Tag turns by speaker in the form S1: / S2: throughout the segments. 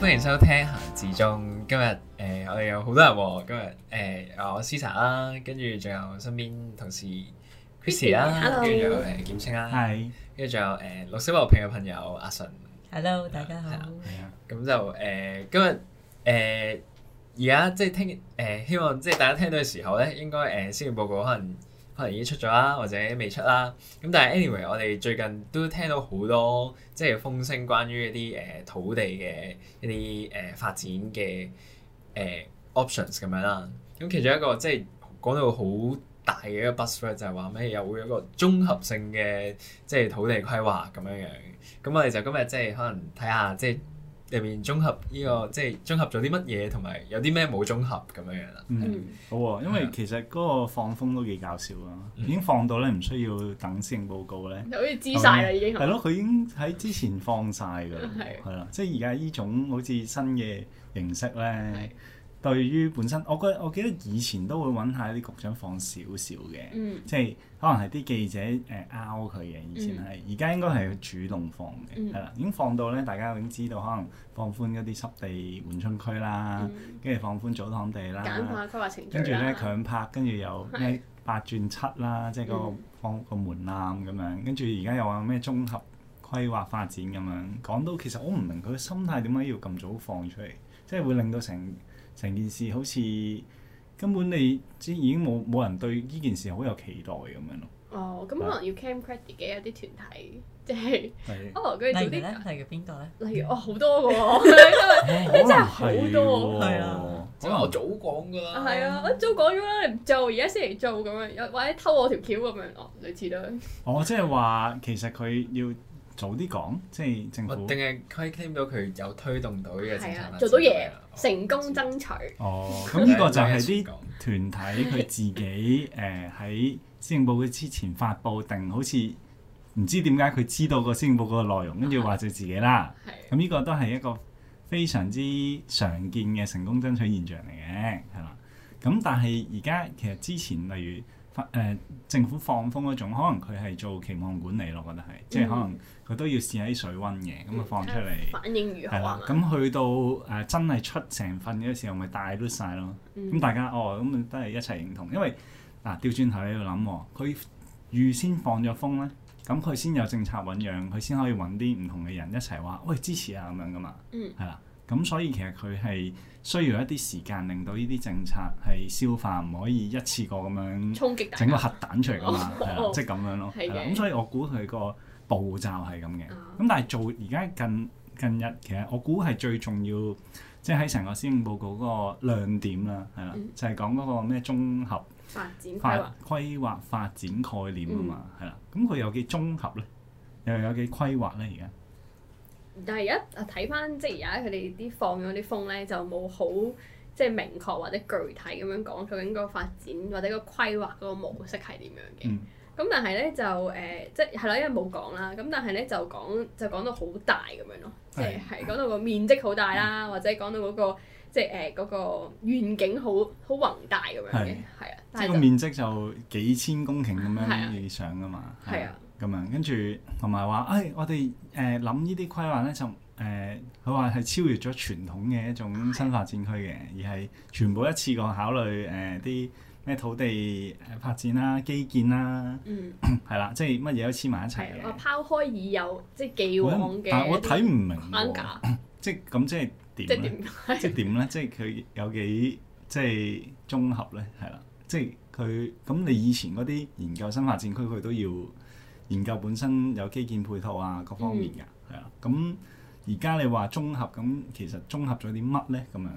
S1: 歡迎收聽喪施中，今日誒、呃、我哋有好多人喎，今日誒我思茶啦，跟住仲有身邊同事 Chris 啦你，跟住仲有誒劍青啦，係 Hello.，跟住仲有誒、呃、綠色和平嘅朋友阿淳
S2: ，Hello、嗯、大家好，係啊、嗯，
S1: 咁、嗯、就誒、呃、今日誒而家即係聽誒、呃、希望即係大家聽到嘅時候咧，應該誒、呃、施政報告可能。可能已經出咗啦，或者未出啦。咁但係 anyway，我哋最近都聽到好多即係風聲，關於一啲誒土地嘅一啲誒、呃、發展嘅誒、呃、options 咁樣啦。咁其中一個即係講到好大嘅一個 buzzword 就係話咩有一個綜合性嘅即係土地規劃咁樣樣。咁我哋就今日即係可能睇下即係。入面綜合呢、這個即係、就是、綜合咗啲乜嘢，同埋有啲咩冇綜合咁樣樣啦。嗯，是好
S3: 啊，因為其實嗰個放風都幾搞笑啊，嗯、已經放到咧，唔需要等先型冠報告咧，就好
S4: 似知晒啦已經。係咯吧，佢
S3: 已經喺之前放曬㗎，係啦，即係而家呢種好似新嘅形式咧。對於本身，我覺我記得以前都會揾下啲局長放少少嘅，嗯、即係可能係啲記者誒拗佢嘅。以前係而家應該係主動放嘅，係啦、嗯，已經放到咧，大家已經知道可能放寬一啲濕地緩衝區啦，跟住、嗯、放寬祖堂地啦，跟住咧，強拍，跟住有咩八轉七啦，即係嗰個放個門檻咁樣。跟住而家又話咩綜合規劃發展咁樣講到，其實我唔明佢個心態點解要咁早放出嚟，即係會令到成。成件事好似根本你即係已經冇冇人對呢件事好有期待咁樣咯。
S4: 哦，咁可能要 cam credit 嘅一啲團體，即、就、係、是、是哦佢哋早啲。例
S2: 如邊度咧？例如例、嗯、哦好多個，
S4: 真
S1: 係好多，係、啊、啦。因為我早講噶
S4: 啦。係啊，我早講咗啦，你唔做，而家先嚟做咁樣，或者偷我條橋咁樣哦，類似都。
S3: 哦，即係話
S1: 其實佢要早啲講，即係政府定係佢 cam 到佢有推動到嘅政策、啊、做到嘢。啊。成功爭取哦，咁、嗯、呢 個就
S3: 係啲團體佢自己誒喺施政報告之前發布定，好似唔知點解佢知道個施政報告嘅內容，跟住話就自己啦。咁呢、 嗯這個都係一個非常之常見嘅成功爭取現象嚟嘅，係嘛？咁、嗯、但係而家其實之前例如。發、呃、政府放風嗰種，可能佢係做期望管理咯，我覺得係，即係可能佢都要試下啲水溫嘅，咁啊、嗯、放出嚟，
S4: 反應如何？係啦，
S3: 咁去到誒、呃、真係出成份嘅時候，咪大碌晒咯。咁、嗯、大家哦，咁都係一齊認同，因為嗱掉轉頭喺度諗喎，佢、啊哦、預先放咗風咧，咁佢先有政策醞釀，佢先可以揾啲唔同嘅人一齊話，喂支持啊咁樣噶嘛，係啦、嗯，咁所以其實佢係。需要一啲時間令到呢啲政策係消化，唔可以一次過咁樣衝擊整個核彈出嚟㗎嘛，即係咁樣咯。咁係啦、係啦、嗯、所以我估佢個步驟係咁嘅。咁、啊、但係做而家近近日，其實我估係最重要，即係喺成個施政報告個亮點啦，係啦、嗯，就係、係、講嗰個咩綜合發
S4: 展規劃、
S3: 規劃發展概念啊嘛，係啦、嗯。咁佢有幾綜合咧？又有幾規劃咧？而家？
S4: 但係而家睇翻，即係而家佢哋啲放咗啲風咧，就冇好即係明確或者具體咁樣講，究竟個發展或者個規劃嗰個模式係點樣嘅？咁、嗯、但係咧就誒、呃，即係係咯，因為冇講啦。咁但係咧就講就講到好大咁樣咯，是即係係講到個面積好大啦、啊，嗯、或者講到嗰、嗰個即係誒嗰個願景好好宏大咁樣嘅，
S3: 係啊是。但係個面積就幾千公頃咁樣理想㗎嘛。係啊。咁樣跟住，同埋話，誒、哎，我哋誒諗呢啲規劃咧，就誒、是，佢話係超越咗傳統嘅一種新發展區嘅，而係全部一次過考慮誒啲咩土地誒發展啦、基建啦、啊，嗯，係啦，即係乜嘢都黐埋一齊嘅。我
S4: 拋開已有即係既往嘅框架，我睇唔明，即
S3: 係咁， 即係點咧？即係點咧？即係佢有幾即係綜合咧？係啦，即係佢咁。你以前嗰啲研究新發展區，佢都要。研究本身有基建配套啊，各方面㗎，係啊、嗯，咁而家你話綜合咁，其實綜合咗啲乜咧？咁樣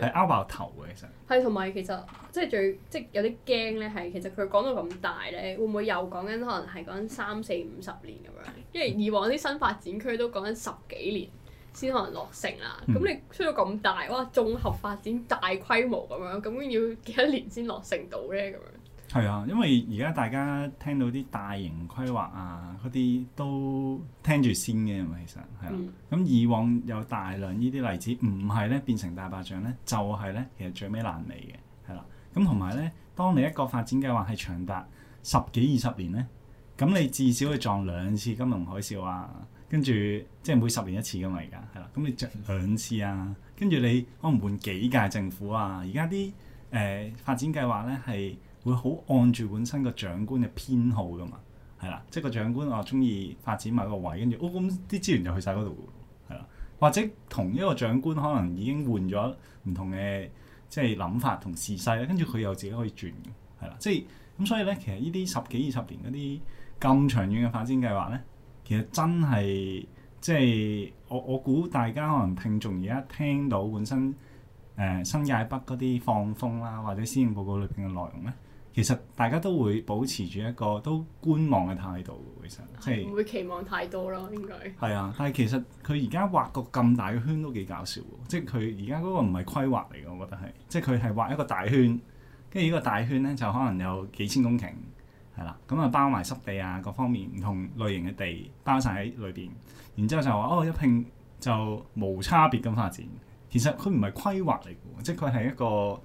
S3: 係拗爆頭嘅，其
S4: 實，係，同埋其實，即係最即係有啲驚咧，係，其實佢講到咁大咧，會唔會又講緊可能係講緊三四五十年咁樣，因為以往啲新發展區都講緊十幾年先可能落成啦。咁、嗯、你出到咁大，哇！綜合發展大規模咁樣，咁要幾多年先落成到咧？咁樣。
S3: 係啊，因為而家大家聽到啲大型規劃啊，嗰啲都聽住先嘅。其實係啦，咁、嗯嗯、以往有大量呢啲例子呢，唔係咧，變成大白象咧，就係、係、咧其實最尾爛尾嘅係啦。咁同埋咧，當你一個發展計劃係長達十幾二十年咧，咁你至少去撞兩次金融海嘯啊，跟住即係每十年一次㗎嘛。而家係啦，咁你着兩次啊，跟住你可能換幾屆政府啊。而家啲誒發展計劃咧係。會好按住本身個長官嘅偏好噶嘛，係、啊、啦，即係個長官我中意發展某個位，跟住哦咁啲資源就去晒嗰度㗎，係啦，或者同一個長官可能已經換咗唔同嘅即係諗法同時勢咧，跟住佢又自己可以轉嘅，係啦，即係咁所以咧，其實呢啲十幾二十年嗰啲咁長遠嘅發展計劃咧，其實真係即係我我估大家可能聽眾而家聽到本身誒、呃、新界北嗰啲放風啦、啊，或者施政報告裏邊嘅內容咧。其實大家都會保持住一個都觀望嘅態度，其實係唔
S4: 會期望太多咯，應該
S3: 係啊。但係其實佢而家畫個咁大嘅圈都幾搞笑喎。即係佢而家嗰個唔係規劃嚟嘅，我覺得係。即係佢係畫一個大圈，跟住呢個大圈咧就可能有幾千公頃係啦。咁啊包埋濕地啊，各方面唔同類型嘅地包晒喺裏邊。然之後就話哦一拼就冇差別嘅發展。其實佢唔係規劃嚟嘅，即係佢係一個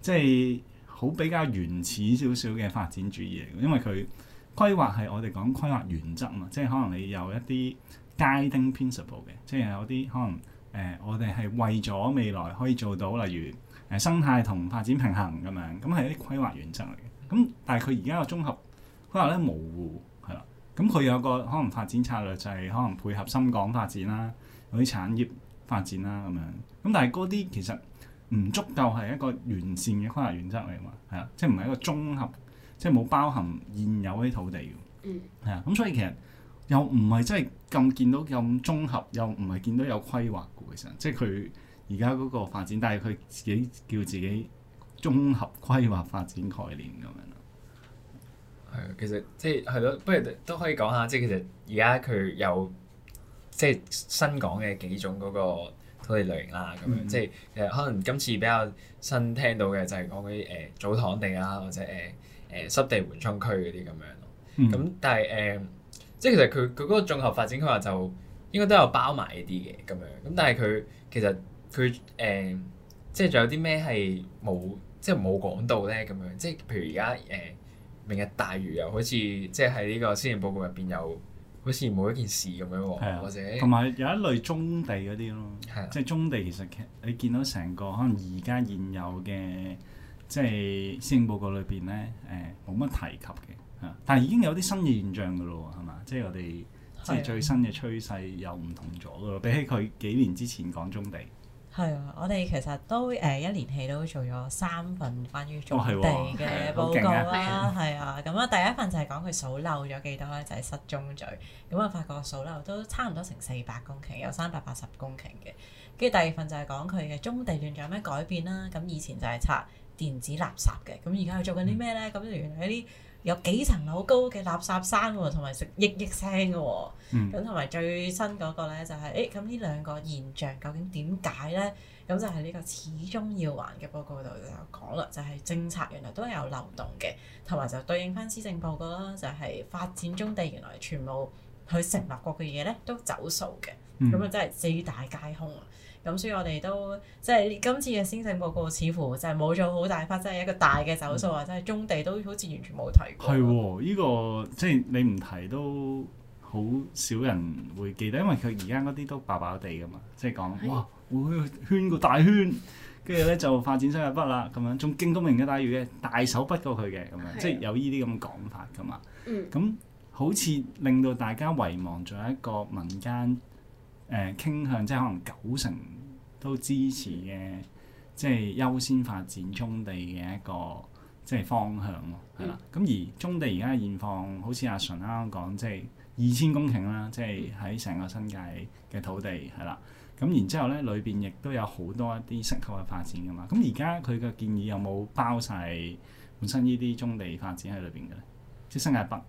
S3: 即係。好比較原始少少嘅發展主義嚟嘅，因為佢規劃係我哋講規劃原則啊嘛，即係可能你有一啲 guiding principle 嘅，即係有啲可能誒、呃，我哋係為咗未來可以做到，例如誒、呃、生態同發展平衡咁樣，咁係一啲規劃原則嚟嘅。咁但係佢而家嘅綜合規劃咧模糊係啦，咁佢有個可能發展策略就係可能配合深港發展啦，嗰啲產業發展啦咁樣。咁但係嗰啲其實～唔足夠係一個完善嘅規劃原則嚟嘛？係啊，即係唔係一個綜合，即係冇包含現有啲土地
S1: 嘅。
S3: 啊、嗯，咁所以其實又唔係真係咁見到咁綜合，又唔係見到有規劃嘅。其實，即係佢而家嗰個發展，但係佢自己叫自己綜合規劃發
S1: 展概念咁樣。係啊，其實即係係咯，不如都可以講下，即係其實而家佢有即係新講嘅幾種嗰、嗰個。嗰啲類型啦，咁樣、mm hmm. 即係誒、呃，可能今次比較新聽到嘅就係講嗰啲誒祖堂地啦，或者誒誒、呃、濕地緩衝區嗰啲咁樣咯。咁、mm hmm. 但係誒、呃，即係其實佢佢嗰個綜合發展規劃就應該都有包埋呢啲嘅咁樣。咁但係佢其實佢誒、呃，即係仲有啲咩係冇即係冇講到咧咁樣？即係譬如而家誒，明日大嶼又好似即係喺呢個施政報告入邊有。好似冇一件事咁樣喎，的或者同埋
S3: 有，有一類中地嗰啲咯，的即係中地其實其，你見到成個可能而家現有嘅，即係施政報告裏邊咧，誒冇乜提及嘅，但係已經有啲新嘅現象噶咯，係嘛？即係我哋的即係最新嘅趨勢又唔同咗噶咯，比起佢幾年之前講中地。
S2: 係啊，我哋其實都誒、呃、一年期都做咗三份關於棕地嘅報告啦，係、哦、啊，咁啊第一份就係講佢數漏咗幾多咧，就係、是、失蹤罪，咁啊發覺數漏都差唔多成四百公頃，有三百八十公頃嘅，跟住第二份就係講佢嘅棕地段仲有咩改變啦，咁以前就係拆電子垃圾嘅，咁而家佢做緊啲咩咧？咁原來啲有幾層樓高嘅垃圾山喎，同埋食億億聲嘅喎，咁同埋最新嗰個咧就係、是，誒咁呢兩個現象究竟點解咧？咁就係呢個始終要還嘅報告度就講啦，就係、是、政策原來都有漏洞嘅，同埋就對應返施政報告啦，就係發展中地原來全部去成立過嘅嘢咧都走數嘅，咁啊真係四大皆空啊！咁所以我哋都即係今次嘅施政報告，似乎就係冇咗好大忽，即係一個大嘅走數，嗯、或者係中地都好似完全冇提過。
S3: 係喎，呢、呢個即係你唔提都好少人會記得，因為佢而家嗰啲都爆爆地噶嘛，即係講、嗯、哇，我、哎、圈個大圈，跟住咧就發展新界北啦，咁樣仲競爭唔嘅大嶼嘅大手筆過佢嘅咁樣，的即係有呢啲咁嘅講法噶嘛。嗯，咁好似令到大家遺忘咗一個民間。誒、呃、傾向即係可能九成都支持嘅，即係優先發展棕地嘅一個即係方向咯，係啦、嗯。咁而棕地而家現況，好似阿淳啱啱講，即係二千公頃啦，即係喺成個新界嘅土地係啦。咁、嗯嗯、然之後咧，裏邊亦都有好多一啲適合嘅發展噶嘛。咁而家佢嘅建議有冇包晒本身呢啲棕地發展喺裏邊嘅咧？即係新界北。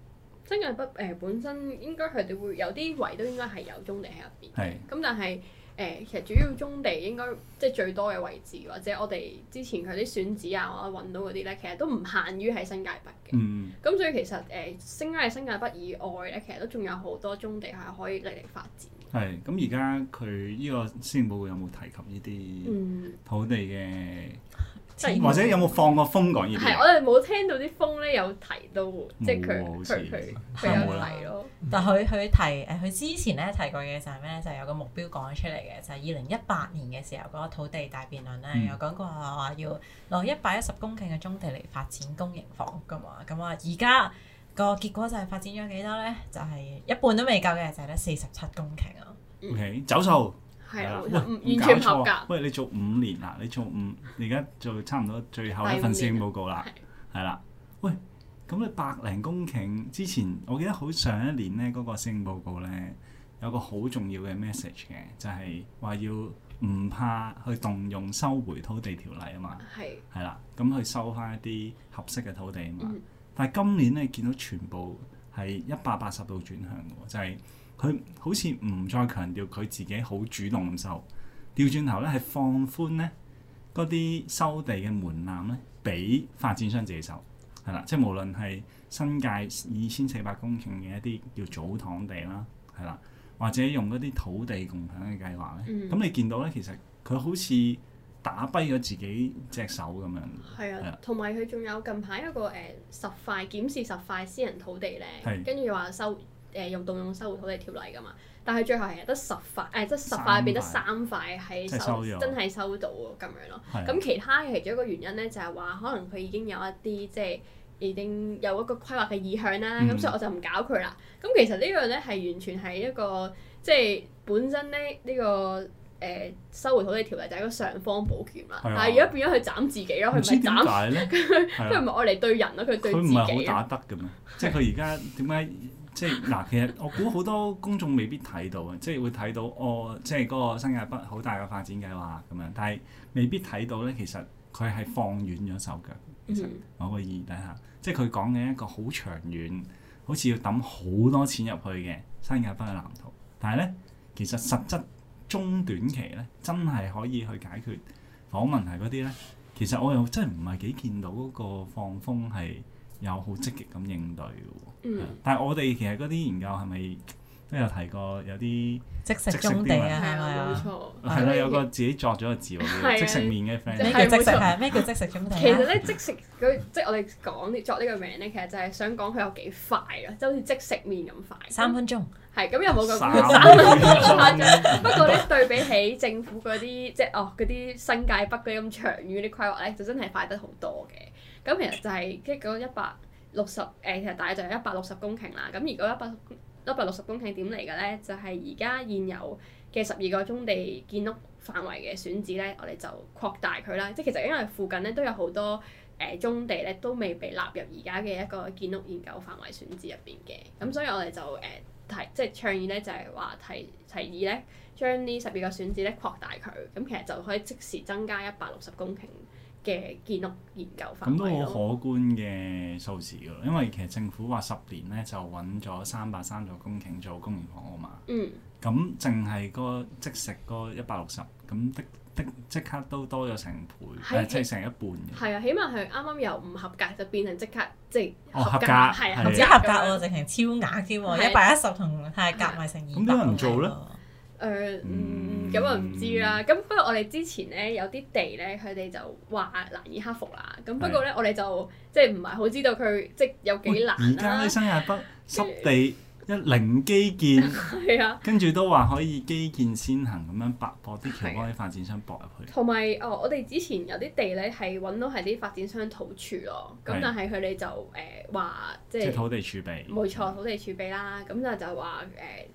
S4: 新界北誒、呃、本身應該佢哋會有啲圍都應該係有棕地喺入邊，咁是但係誒、呃、其實主要棕地應該即係最多嘅位置，或者我哋之前佢啲選址啊或者揾到嗰啲咧，其實都唔限於喺新界北嘅，咁、嗯、所以其實誒，除、呃、咗新界北以外咧，其實都仲有好多棕地係可以嚟嚟發展。
S3: 係，咁而家佢呢個施政報告有冇提及呢啲土地嘅？嗯或者有冇放過風講？係我
S4: 哋冇聽到啲風咧，有提到，有即係佢
S3: 佢佢有提
S2: 咯。但佢佢提誒，佢之前咧提過嘅就係咩咧？就係、是、有個目標講咗出嚟嘅，就係二零一八年嘅時候嗰個土地大辯論咧，有講過話要落一百一十公頃嘅棕地嚟發展公營房屋㗎嘛。咁啊，而家個結果就係發展咗幾多咧？就係、是、一半都未夠嘅，就係得四十七公頃啊。O.K.
S3: 走數。係啦，唔喂完全合格。喂，你做五年啦，你做五，而家做差唔多最後一份施政報告啦，係啦的。喂，咁你百零公頃之前，我記得好上一年咧嗰、那個施政報告咧，有個好重要嘅 message 嘅，就係、是、話要唔怕去動用收回土地條例啊嘛。係的。係啦，咁去收翻一啲合適嘅土地啊嘛。嗯、哼但係今年咧，見到全部係一百八十度轉向嘅，就係、是。佢好似唔再強調佢自己好主動收，調轉頭咧係放寬咧嗰啲收地嘅門檻咧，俾發展商自己收，係啦，即係無論係新界二千四百公頃嘅一啲叫祖堂地啦，係啦，或者用嗰啲土地共享嘅計劃咧，咁、嗯、你見到咧其實佢好似打跛咗自己隻手咁樣，係啊
S4: 的，同埋佢仲有近排一個誒、呃、十塊檢視十塊私人土地咧，的跟住話收。誒用動用收回土地條例㗎嘛，但係最後係得十塊，誒即十塊變得三塊係收，真係收到咁樣咯。咁其他嘅其中一個原因咧，就係話可能佢已經有一啲即係已經有一個規劃嘅意向啦。咁所以我就唔搞佢啦。咁其實呢樣咧係完全係一個即係本身咧呢個誒收回土地條例就係一個上方保權嘛。係啊。但係而家變咗佢斬自己咯，佢唔係斬。點
S3: 解咧？佢佢唔
S4: 係愛嚟對人咯，佢對自己。佢唔係好
S3: 打得㗎咩？即係佢而家點解？即係嗱、啊，其實我估好多公眾未必睇到啊，即係會睇到哦，即係嗰個新加坡好大嘅發展計劃咁樣，但係未必睇到咧。其實佢係放軟咗手腳，其實某個意義底下，嗯、即係佢講嘅一個好長遠，好似要揼好多錢入去嘅新加坡嘅藍圖。但係咧，其實實質中短期咧，真係可以去解決房問題嗰啲咧。其實我又真係唔係幾見到嗰個放風係。有好積極咁應對嘅喎，但係我哋其實嗰啲研究係咪都有提過有啲即食中地啊？係咪啊？係咯，有個自己作咗個字喎，即食麵嘅 friend 咩叫即食？係地。其
S4: 實咧，即食嗰，即我哋講呢作呢個名咧，其實就係想講佢有幾快啊，即係好似即食麵咁快，三分鐘係咁又冇咁快。不過咧，對比起政府嗰啲即係哦嗰啲新界北嗰啲咁長遠啲規劃咧，就真係快得好多嘅。咁其實就係即嗰一百六十誒，其實大約就係一百六十公頃啦。咁如果一百一百六十公頃點嚟嘅咧，就係而家現有嘅十二個宗地建屋範圍嘅選址咧，我哋就擴大佢啦。即其實因為附近咧都有好多誒宗、呃、地咧，都未被納入而家嘅一個建屋研究範圍選址入邊嘅。咁所以我哋就誒、呃、提即、係、倡議咧，就係、係、話提提議咧，將呢十二個選址咧擴大佢。咁其實就可以即時增加一百六十公頃嘅建築研究範圍，咁都好可
S3: 觀嘅數字噶，因為其實政府話十年咧就揾咗三百三十個公頃做公營房屋嘛。嗯。咁淨係個即食個一百六十，咁的的即刻都多咗成倍，即成一半
S4: 嘅。係啊，起碼係啱啱由唔合格
S2: 就變成即刻即
S4: 合格，係
S3: 係唔止合
S2: 格喎，直情超額添喎，一百一十同係夾埋成
S3: 二百。咁點解唔做咧？
S2: 誒、呃、嗯，咁啊唔知啦。咁不過
S4: 我哋之前咧有啲地咧，佢哋就話難以克服啦。咁不過咧，的我哋就即係唔係好知道佢即係有幾難啦、啊。而家
S3: 咧，新界北濕地。一零基建，係啊，跟住都話可以基建先行咁樣拔拔，搏多啲橋樑，啲發展商搏入去。
S4: 同埋哦，我哋之前有啲地咧係揾到係啲發展商土儲咯，咁、啊、但係佢哋就誒話、呃、即係土
S3: 地儲備，冇
S4: 錯，土地儲備啦。咁、呃、但係就話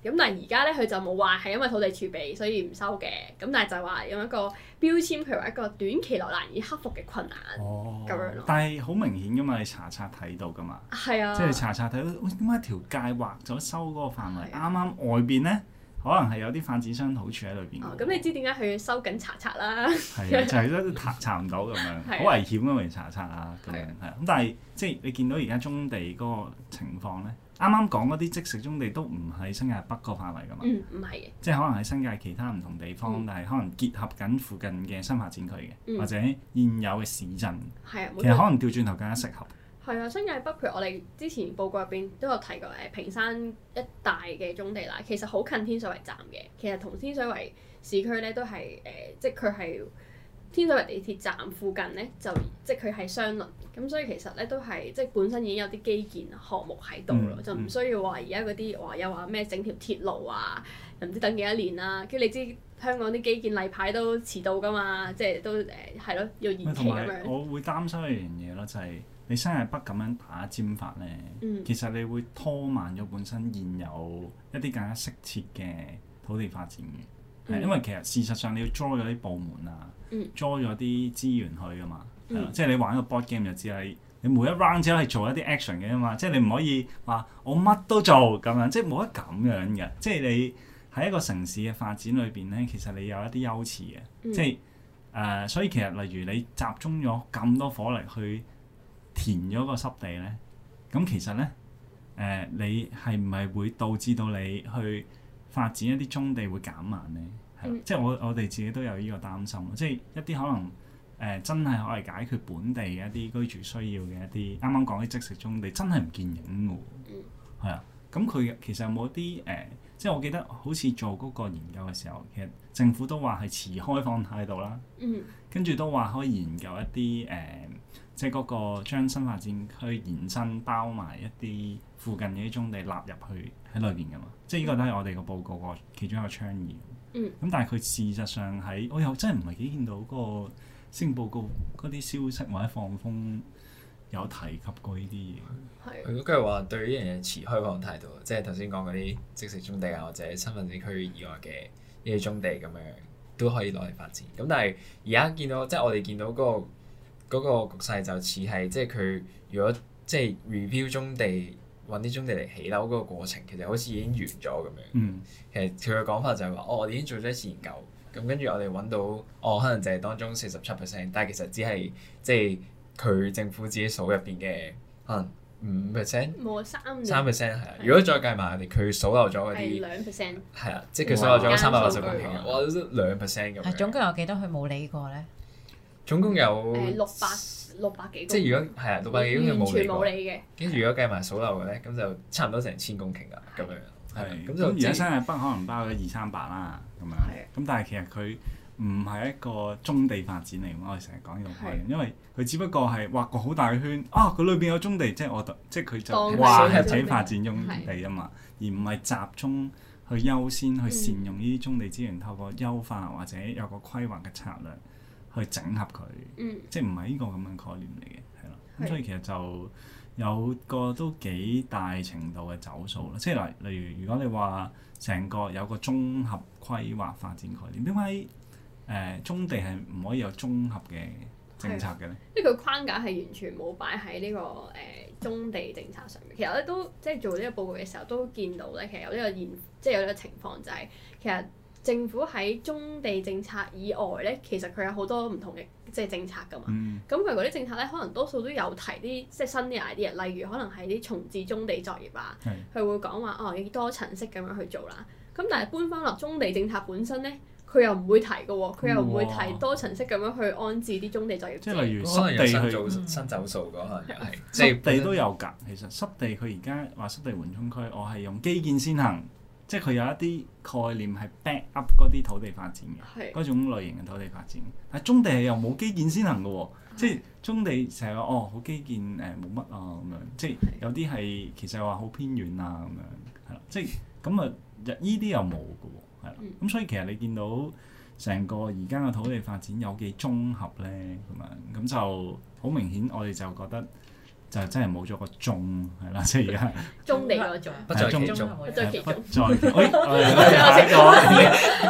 S4: 誒，咁但係而家咧佢就冇話係因為土地儲備所以唔收嘅，咁但係就話用一個標籤，譬如話一個短期內難以克服嘅困難咁、
S3: 哦、樣。但係好明顯㗎嘛，你查冊睇到㗎嘛，係啊，即係查冊睇到點解條街畫咗。收嗰個範圍，啱啱外邊咧，可能係有啲發展商好處喺裏邊。咁
S4: 你知點解佢收緊查
S2: 冊啦？
S4: 係啊，就
S3: 係都查查唔到咁樣，好危險㗎，咪查冊啊咁樣。係咁但係即係你見到而家棕地嗰個情況咧，啱啱講嗰啲即食棕地都唔喺新界北個範圍㗎嘛？唔係
S4: 嘅，
S3: 即係可能喺新界其他唔同地方，但係可能結合緊附近嘅新發展區嘅，或者現有嘅市鎮。
S4: 係啊，其實可
S3: 能掉轉頭更加適合。
S4: 係啊，新界北譬如我哋之前報告入邊都有提過誒，屏山一帶嘅棕地啦，其實好近天水圍站嘅，其實同天水圍市區咧都係誒、呃，即係佢係天水圍地鐵站附近咧，就即係佢係相鄰。咁，所以其實咧都係即係本身已經有啲基建項目喺度咯，嗯、就唔需要話而家嗰啲話又話咩整條鐵路啊，又唔知等幾多年啦、啊。跟住你知香港啲基建例牌都遲到噶嘛，即係都誒係咯要延期咁樣。我
S3: 會擔心一樣嘢咯，就係、是。你生日不咁樣打尖法咧，嗯、其實你會拖慢咗本身現有一啲更加適切嘅土地發展嘅，係、嗯、因為其實事實上你要 draw 咗啲部門啊、嗯、，draw 咗啲資源去噶嘛，即係、嗯就是、你玩個 board game 就知係你每一 round 只、就是、可以做一啲 action 嘅啫嘛，即係你唔可以話我乜都做咁樣，即係冇得咁樣嘅，即、就、係、是、你喺一個城市嘅發展裏邊咧，其實你有一啲優次嘅，即係誒，所以其實例如你集中咗咁多火力去。填咗個濕地咧，咁其實咧，誒、呃、你係唔係會導致到你去發展一啲棕地會減慢咧？係、嗯、即係我我哋自己都有呢個擔心，即係一啲可能誒、呃、真係可以解決本地嘅一啲居住需要嘅一啲，啱啱講啲即食棕地真係唔見影㗎喎，係啊，咁佢其實有冇啲誒？呃即係我記得，好似做嗰個研究嘅時候，其實政府都話係持開放態度啦。嗯，跟住都話可以研究一啲誒、呃，即係嗰個將新發展區延伸包埋一啲附近嘅一啲中地納入去喺裏邊噶嘛。即係呢個都係我哋個報告個其中一個倡議。嗯，咁但係佢事實上喺我又真係唔係幾見到嗰個新報告嗰啲消息或者放風。有提
S1: 及過呢啲嘢，佢都即係話對呢樣嘢持開放態度，即係頭先講嗰啲即食中地啊，或者新發展區以外嘅一啲中地咁樣都可以攞嚟發展。咁、嗯、但係而家見到即係我哋見到嗰、那個嗰、那個局勢就似係即係佢如果即係 review 中地揾啲中地嚟起樓嗰個過程，其實好似已經完咗咁樣。其實佢嘅講法就係、是、話、哦，我哋已經做咗一次研究，咁跟住我哋揾到，我、哦、可能就係當中四十七 percent，但係其實只係即係。佢政府自己數入面嘅可能五 percent，
S4: 冇三三 percent
S1: 係啊！如果再計埋佢，佢數漏咗嗰啲係兩
S2: percent，
S1: 係啊，即係佢數漏咗三百八十公頃，哇，兩 percent 咁。係
S2: 總共有幾多？佢冇理過咧。
S1: 總共有六
S2: 百六百
S1: 幾，即係如果係啊六百幾公頃冇理嘅，跟住如果計埋數漏嘅咧，咁就差唔多成千公頃噶咁樣，係
S3: 咁就而家新界北可能包咗二三百啦咁樣，咁但係其實佢唔係一個棕地發展嚟㗎，我哋成日講呢個概念，是因為佢只不過係畫個好大嘅圈，啊，佢裏邊有棕地，即係我即係佢就當係成哇自己發展用地啊嘛，是而唔係集中去優先去善用呢啲棕地資源，嗯、透過優化或者有個規劃嘅策略去整合佢，嗯、即係唔係呢個咁嘅概念嚟嘅，係啦，咁是所以其實就有個都幾大程度嘅走數啦，即係例如如果你話成個有個綜合規劃發展概念，點解？誒、呃、棕地係唔可以有綜合嘅政策嘅咧，
S4: 即係佢框架係完全冇擺喺呢個誒、呃、棕地政策上面。其實咧都即係做呢個報告嘅時候都見到咧，其實有呢個現，即係有呢個情況就係、是、其實政府喺棕地政策以外咧，其實佢有好多唔同嘅即係政策㗎嘛。咁佢嗰啲政策咧，可能多數都有提啲即係新啲 idea，例如可能係啲重置棕地作業啊，佢的會講話哦要多層式咁樣去做啦。咁但係搬翻落棕地政策本身咧。佢又唔會提嘅喎，佢又唔會提多層式咁樣去安置啲棕地作業，即係例如
S1: 濕地去做新、嗯、新走數嗰下，即係、嗯就
S3: 是、地都有㗎。其實濕地佢而家話濕地緩衝區，我係用基建先行，即係佢有一啲概念係 back up 嗰啲土地發展嘅，嗰是種類型嘅土地發展。但係，棕地係又冇基建先行嘅喎，是即係棕地成日哦好基建誒冇乜啊咁樣，即係有啲係其實話好偏遠啊咁樣，係啦，即係咁啊呢啲又冇嘅喎。咁、嗯嗯、所以其實你見到成個而家嘅土地發展有幾綜合咧咁樣，咁就好明顯，我哋就覺得就真係冇咗個「綜」，係啦，即係而家「綜」地嗰對「綜」，綜不再集中，不再哎，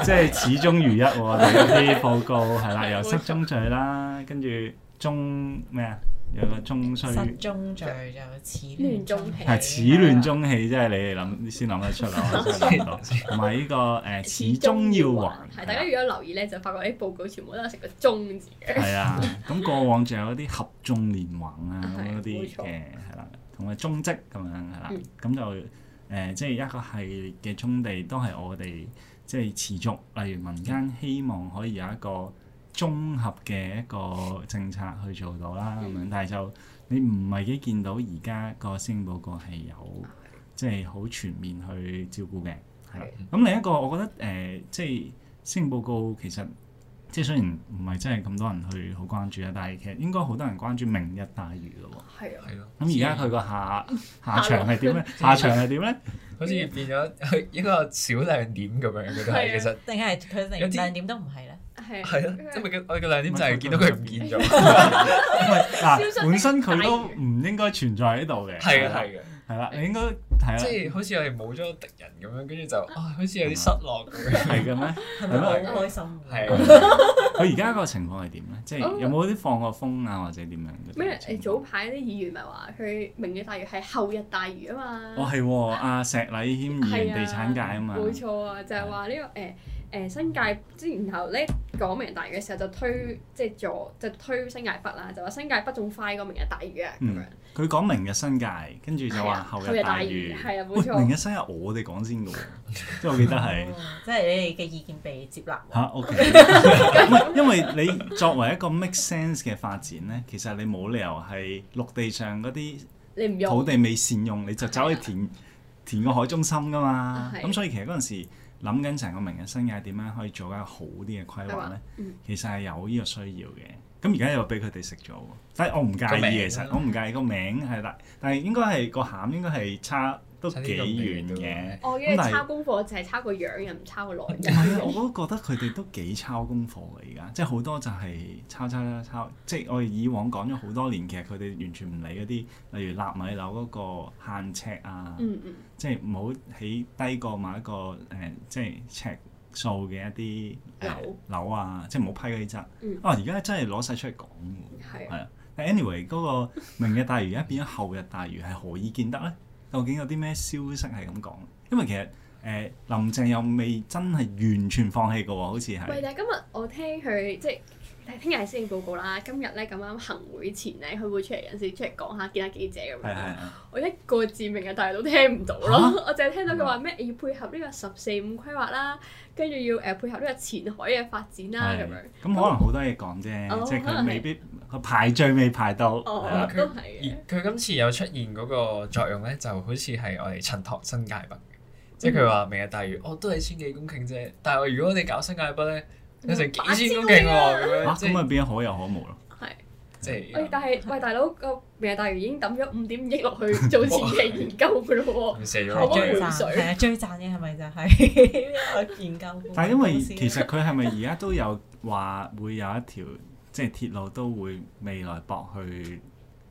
S3: 即係 始終如一喎。啲報告係啦，又失蹤，蹤序啦，跟住「綜」咩啊？有個中衰，
S2: 中
S4: 聚就始
S3: 亂終係始亂中棄，即係你哋諗先諗得出嚟。同埋呢個誒始終要還。
S4: 係大家如果有留意咧，的就發覺啲報告全部都係成個中」字嘅。係啊，
S3: 咁過往仲有一啲合縱連橫啊，咁嗰啲嘅係啦，同埋的、嗯啊、中職咁樣係啦，咁、嗯嗯、就誒、呃、即係一個系列嘅中地」地都係我哋即係持續，例如民間希望可以有一個。綜合嘅一個政策去做到啦，咁、嗯、樣，嗯、但係就你唔係幾見到而家個施政報告係有，即係好全面去照顧嘅。係咁的另一個，我覺得誒，即係施政報告其實即係、就是、雖然唔係真係咁多人去好關注啦，但係其實應該好多人關注明日大嶼嘅喎。係啊，係咯。咁而家佢個下下場係點咧？下場係點咧？
S1: 好似變咗一個小亮點咁樣嘅，都係 其實。定
S2: 係佢成個亮點都唔係咧。
S1: 係啊，即係我個兩點就係見到佢唔見咗，唔係嗱， 本身佢都唔
S3: 應該存在喺度嘅。係啊，係嘅，係啦，應該係啦，即係
S1: 好似我哋冇咗敵人咁樣，跟住就啊，好似有啲失落咁樣。係嘅咩？係咪開心？係啊，佢
S3: 而家個情況係點咧？Oh. 即係有冇啲放個風啊，或者點樣？
S4: 咩？誒，早排啲議員咪話佢明日大嶼係後日大嶼啊嘛？哦，係
S3: 阿、啊、石禮謙議員地產界啊嘛？冇錯
S4: 啊，錯就係話呢個誒。呃誒新界之，然後咧講明日大嶼嘅時候就推即係做，就推新界北啦，就話新界北仲快過明日大嶼啊，
S3: 佢講明日新界，跟住就話後日大嶼，係啊冇錯。明日新日我哋講先嘅喎，即係我記得係，
S2: 即係你哋嘅意見被接納吓。O K，因
S3: 為你作為一個 make sense 嘅發展咧，其實你冇理由係陸地上嗰啲土地未善用，你就走去填填個海中心噶嘛。咁所以其實嗰陣時。諗緊成個名人生涯點樣可以做一個好啲嘅規劃咧？其實係有呢個需要嘅。咁而家又俾佢哋食咗喎，但係我唔介意。其實我唔介意 個名係啦，但係應該係個餡應該係差。都幾遠嘅。我依家抄
S4: 功課，就
S3: 係抄個樣，又唔抄個內容。唔係啊， 我都覺得佢哋都幾抄功課嘅。而家即係好多就係抄抄抄抄。即係我以往講咗好多年，其實佢哋完全唔理嗰啲，例如納米樓嗰個限尺啊。嗯嗯即係唔好起低過某一個誒、呃，即係尺數嘅一啲、呃嗯、樓啊，即係唔好批嗰啲則。哦、嗯，而家真係攞晒出嚟講喎。啊。嗯、啊但 anyway，嗰個明日大嶼而家變咗後日大嶼，係何以見得咧？究竟有啲咩消息係咁講？因為其實誒、呃、林鄭又未真係完全放棄過，好似係。喂！
S4: 但係今日我聽佢即係。聽日係施政報告啦，今日咧咁啱行會前咧，佢會，會出嚟有陣時出嚟講下，見下記者咁樣。我一個字明日大嶼都聽唔到咯，啊、我淨係聽到佢話咩要配合呢個十四五規劃啦，跟住要誒配合呢個前海嘅發展啦咁樣。
S3: 咁、嗯、可
S1: 能好多嘢講啫，oh，即係佢未必佢排序未排到。哦、oh，都係佢今次有出現嗰個作用咧，就好似係我哋襯托新界北
S3: ，mm。即係佢話明
S1: 日大嶼，我、哦、都係千幾公頃啫。但係我如果你搞新界北咧。有成幾千公頃啊！咁啊，變咗可有可無咯。係，即係。喂，
S4: 但係喂，大佬個明日大魚已經抌
S2: 咗五點五億落去做前期研究噶咯，
S3: 死咗。係啊，
S2: 最賺嘅係咪就係研究？但係因為其實
S3: 佢係咪而家都有話會有一條即係鐵路都會未來駁去，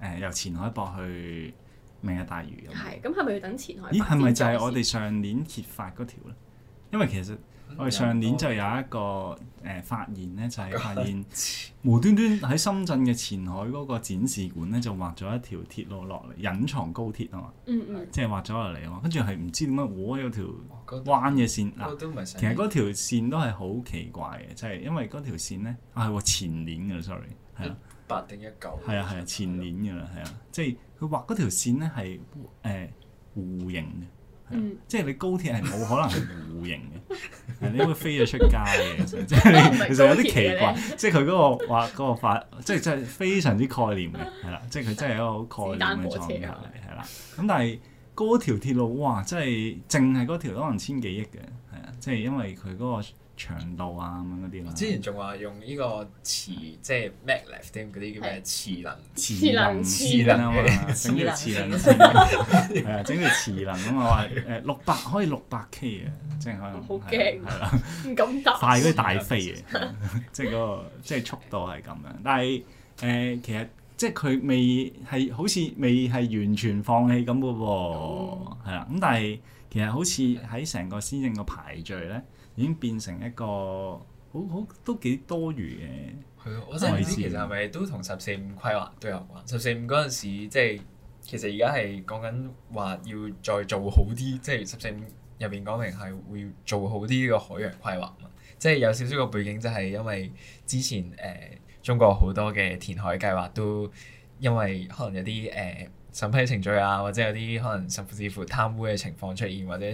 S3: 誒，由前海駁去明日大魚？係，
S4: 咁係咪要等前海？咦，係咪就係我哋
S3: 上年揭發嗰條咧？因為其實。我哋上年就有一個誒、呃、發現咧，就係、是、發現 無端端喺深圳嘅前海嗰個展示館咧，就畫咗一條鐵路落嚟，隱藏高鐵啊嘛，即係、嗯嗯、畫咗落嚟啊嘛。跟住係唔知點解，我有條彎嘅線嗱，哦、其實嗰條線都係好奇怪嘅，就係、是、因為嗰條線咧，係喎，前年噶啦，sorry，係啊，
S1: 八定一九，係啊
S3: 係啊，前年噶啦，係啊，即係佢畫嗰條線咧係誒弧形嘅。嗯，即係你高鐵係冇可能係弧形嘅，你會飛咗出街嘅。其實即係其實有啲奇怪， 即係佢嗰個畫個法，即係即係非常之概念嘅，係啦。即係佢真係一個概念嘅狀態，係啦。咁、嗯、但係嗰條鐵路哇，真係淨係嗰條可能千幾億嘅，係啊。即係因為佢嗰個長度啊，咁樣嗰啲啊，之前
S1: 仲話用呢個磁即係 MacBook 嗰啲叫咩磁能磁能磁能啊嘛，整條磁能，係啊，
S3: 整條磁能咁啊，話誒六百可以六百 K 啊，即係可能好驚，係啦，快嗰啲大飛啊，即係嗰個即係速度係咁樣，但係誒其實即係佢未係好似未係完全放棄咁嘅喎，係啦、er，咁但係其實好似喺成個先正個排序咧。已經變成一個好好都幾多餘嘅。
S1: 係咯、嗯，我真係唔知其實係咪都同十四五規劃都有關。十四五嗰陣時，即係其實而家係講緊話要再做好啲，即係十四五入邊講明係會做好啲呢個海洋規劃嘛。即係有少少個背景，就係因為之前誒、呃、中國好多嘅填海計劃都因為可能有啲誒、呃、審批程序啊，或者有啲可能甚至乎貪污嘅情況出現，或者。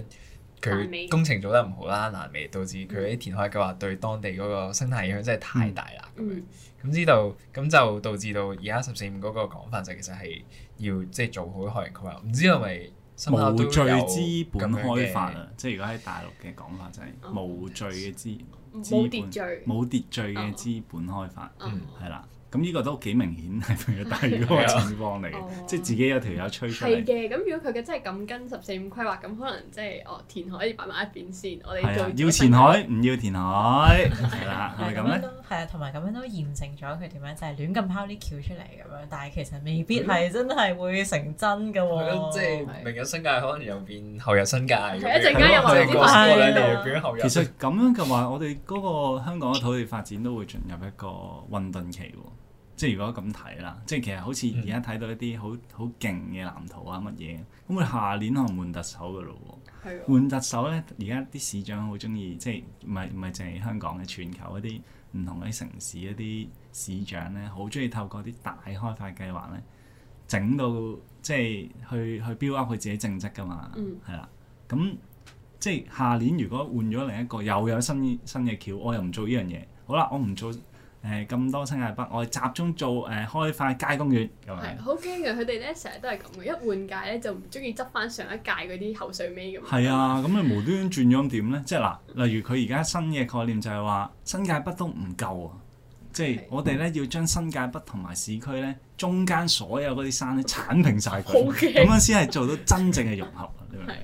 S1: 佢工程做得唔好啦，爛尾導致佢啲填海計劃對當地嗰個生態影響真係太大啦咁樣，咁、嗯、知道咁就導致到而家十四五嗰個講法就其實係要即係做好海洋規劃，唔知係咪新加坡都有咁開發啊？即係如果喺大陸嘅講法就係無序嘅
S3: 資資本，無秩序、無秩序嘅資本開發，係啦。咁呢個都幾明顯係仲要帶住個陣風嚟嘅，即係自己有條友吹出嚟。係
S4: 嘅，咁如果佢嘅真係咁跟十四五規劃，咁可能即係哦填海擺埋一
S2: 邊先，
S4: 我哋要
S3: 前海唔要填海，係啦，係咪咁咧？
S2: 係啊，同埋咁樣都驗證咗佢點樣就係亂咁拋啲橋出嚟咁樣，但係其實未必係真係會
S1: 成真嘅喎。係咯，即係明日新界可能又變後日新界，一陣間又唔知變後日。其實
S3: 咁樣嘅話，我哋嗰個香港嘅土地發展都會進入一個混沌期喎。即係如果咁睇啦，即係其實好似而家睇到一啲好好勁嘅藍圖啊，乜嘢咁佢下年可能換特首嘅咯喎。換特首咧，而家啲市長好中意，即係唔係唔係淨係香港嘅，全球一啲唔同嘅城市一啲市長咧，好中意透過啲大開發計劃咧，整到即係去去標 up 佢自己政績噶嘛。係啦、嗯，咁即係下年如果換咗另一個又有新新嘅橋，我又唔做呢樣嘢，好啦，我唔做。誒咁多新界北，我哋集中做誒、呃、開發街公園咁樣。
S4: 係， 好驚嘅。佢哋咧成日都係咁嘅，一換屆咧就唔中意執翻上一屆嗰啲口水尾咁。係、
S3: 嗯、啊，咁你、 嗯、無端端轉咗咁點咧？即係嗱、啊，例如佢而家新嘅概念就係話，新界北都唔夠啊。即係我哋咧要將新界北同埋市區咧中間所有嗰啲山咧剷平晒佢，咁樣先係做到真正嘅融合。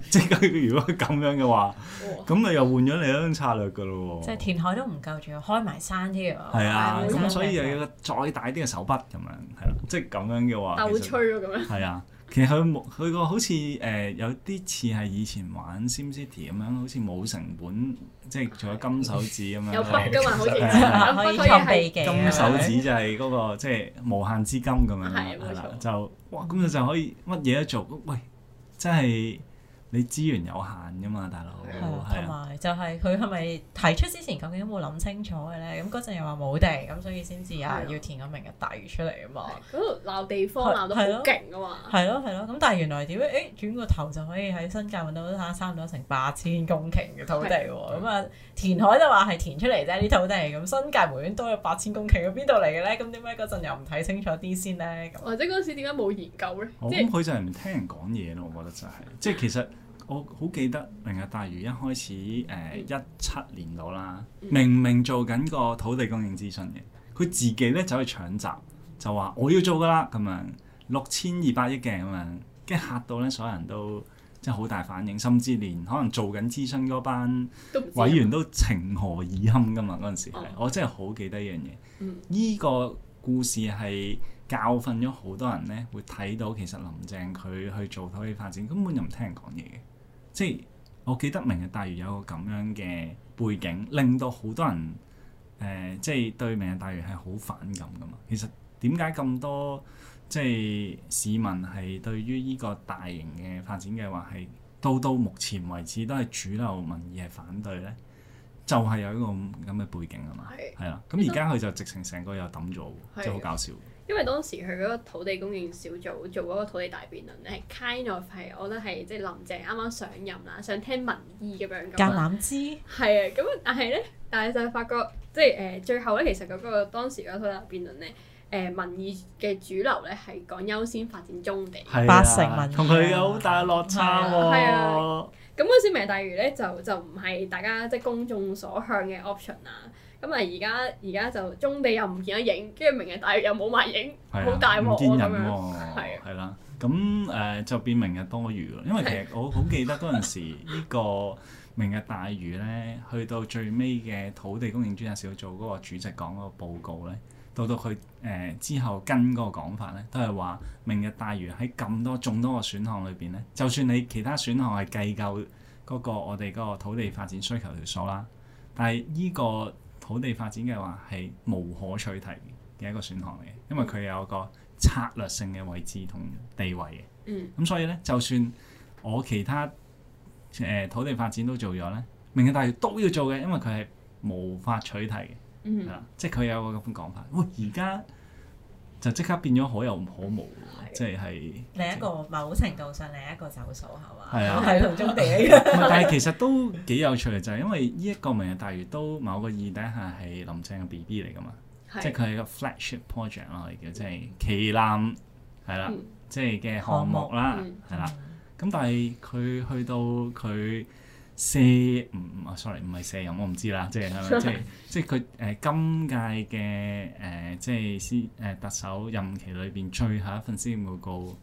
S3: 即係如果咁樣嘅話，咁咪又換咗另一種策略噶咯喎。即係
S2: 填海都唔夠，仲要開埋山添。
S3: 係啊，咁所以又要再大啲嘅手筆咁樣，係啦、啊，即係咁樣嘅話。夠脆
S2: 咯
S4: 咁樣。係啊。
S3: 其實佢冇去過，去過好似誒、呃、有啲似係以前玩 SimCity 咁樣，好似冇成本，即係仲有金手指咁樣。有金手指就係嗰、嗰個，即係無限資金咁樣。係啊，冇錯。就哇，根本就可以乜嘢都做。喂，真係～你資源有限㗎嘛，大佬。同埋
S2: 就係佢係咪提出之前究竟有冇諗清楚嘅咧？咁嗰陣又話冇地，咁所以先至啊要填個明日大嶼出嚟啊嘛。
S4: 咁鬧地方鬧到好勁啊嘛。係咯係咯，
S2: 咁、啊啊、但係原來點樣咧？誒、欸、轉個頭就可以喺新界揾到啲嚇差唔多成八千公頃嘅土地喎。咁啊填海就話係填出嚟啫，呢土地係咁。新界梅園都有八千公頃，邊度嚟嘅咧？咁點解嗰陣又唔睇清楚啲先咧？或者嗰陣點解冇研究咧？
S3: 即佢就係唔聽人講嘢咯，我覺得就係即係其實。我好記得，明日大嶼一開始誒、呃嗯、一七年到啦，嗯、明明做緊個土地供應諮詢嘅，佢自己咧走去搶閘，就話我要做噶啦咁樣，六千二百億嘅咁樣，跟住嚇到咧所有人都即係好大反應，甚至連可能做緊諮詢嗰班委員都情何以堪噶嘛，嗰陣時係，哦、我真係好記得一樣嘢。呢、嗯、個故事係教訓咗好多人咧，會睇到其實林鄭佢去做土地發展根本就唔聽人講嘢嘅。即係我記得明日大嶼有個咁樣嘅背景，令到好多人誒、呃，即係對明日大嶼係好反感噶嘛。其實點解咁多即係市民係對於呢個大型嘅發展計劃係到到目前為止都係主流民意係反對咧？就係、是、有一個咁嘅背景啊嘛，係啦的。咁而家佢就直情成個又抌咗，的即係好搞笑。
S4: 因為當時佢嗰個土地供應小組做嗰個土地大辯論咧，Kind of 係我覺得係即係林鄭啱啱上任啦，想聽民意咁樣。橄欖枝。係啊，咁但係咧，但係就發覺即係誒、呃、最後咧，其實嗰個當時嗰土地大辯論咧，誒、呃、民意嘅主流咧係講優先發展棕地，
S3: 八成民同佢有好大嘅落差喎、啊。
S4: 咁嗰時明大嶼咧就就唔係大家即係公眾所向嘅 option 啊。咁啊！而家而家就中地又唔見得影，跟住明日大嶼又冇埋影，好大幕啊咁樣，係啊，
S3: 係啦、啊。咁誒的、呃、就變明日多餘咯。因為其實我好記得嗰陣時呢個明日大嶼咧， 去到最尾嘅土地供應專責小組嗰個主席講嗰個報告咧，到到佢誒、呃、之後跟嗰個講法咧，都係話明日大嶼喺咁多眾多個選項裏邊咧，就算你其他選項係計夠嗰、那個我哋嗰個土地發展需求條數啦，但係呢、這個土地發展嘅話係無可取替嘅一個選項嚟嘅，因為佢有個策略性嘅位置同地位嘅。嗯，咁所以咧，就算我其他誒、呃、土地發展都做咗咧，明日大嶼都要做嘅，因為佢係無法取替嘅。嗯哼，係啦，即係佢有個咁講法。喂，而家。就即刻變咗可有可無，即、就、係、是、另一個
S2: 某程度上另一個走數，係嘛？係啊，喺途中地啊。但係其實
S3: 都幾有趣嘅，就係、是、因為呢一個明日大嶼，都某個意底下係林鄭嘅 BB 嚟噶嘛，即係佢係一個 flagship project 咯，係叫即係旗艦，係啦，嗯、即係嘅項目啦，係啦、嗯。咁但係佢去到佢。卸唔啊，sorry，唔係卸任，我唔知啦，即係， 即係、呃呃，即係佢誒今屆嘅誒，即係司誒特首任期裏邊最後一份施政報告，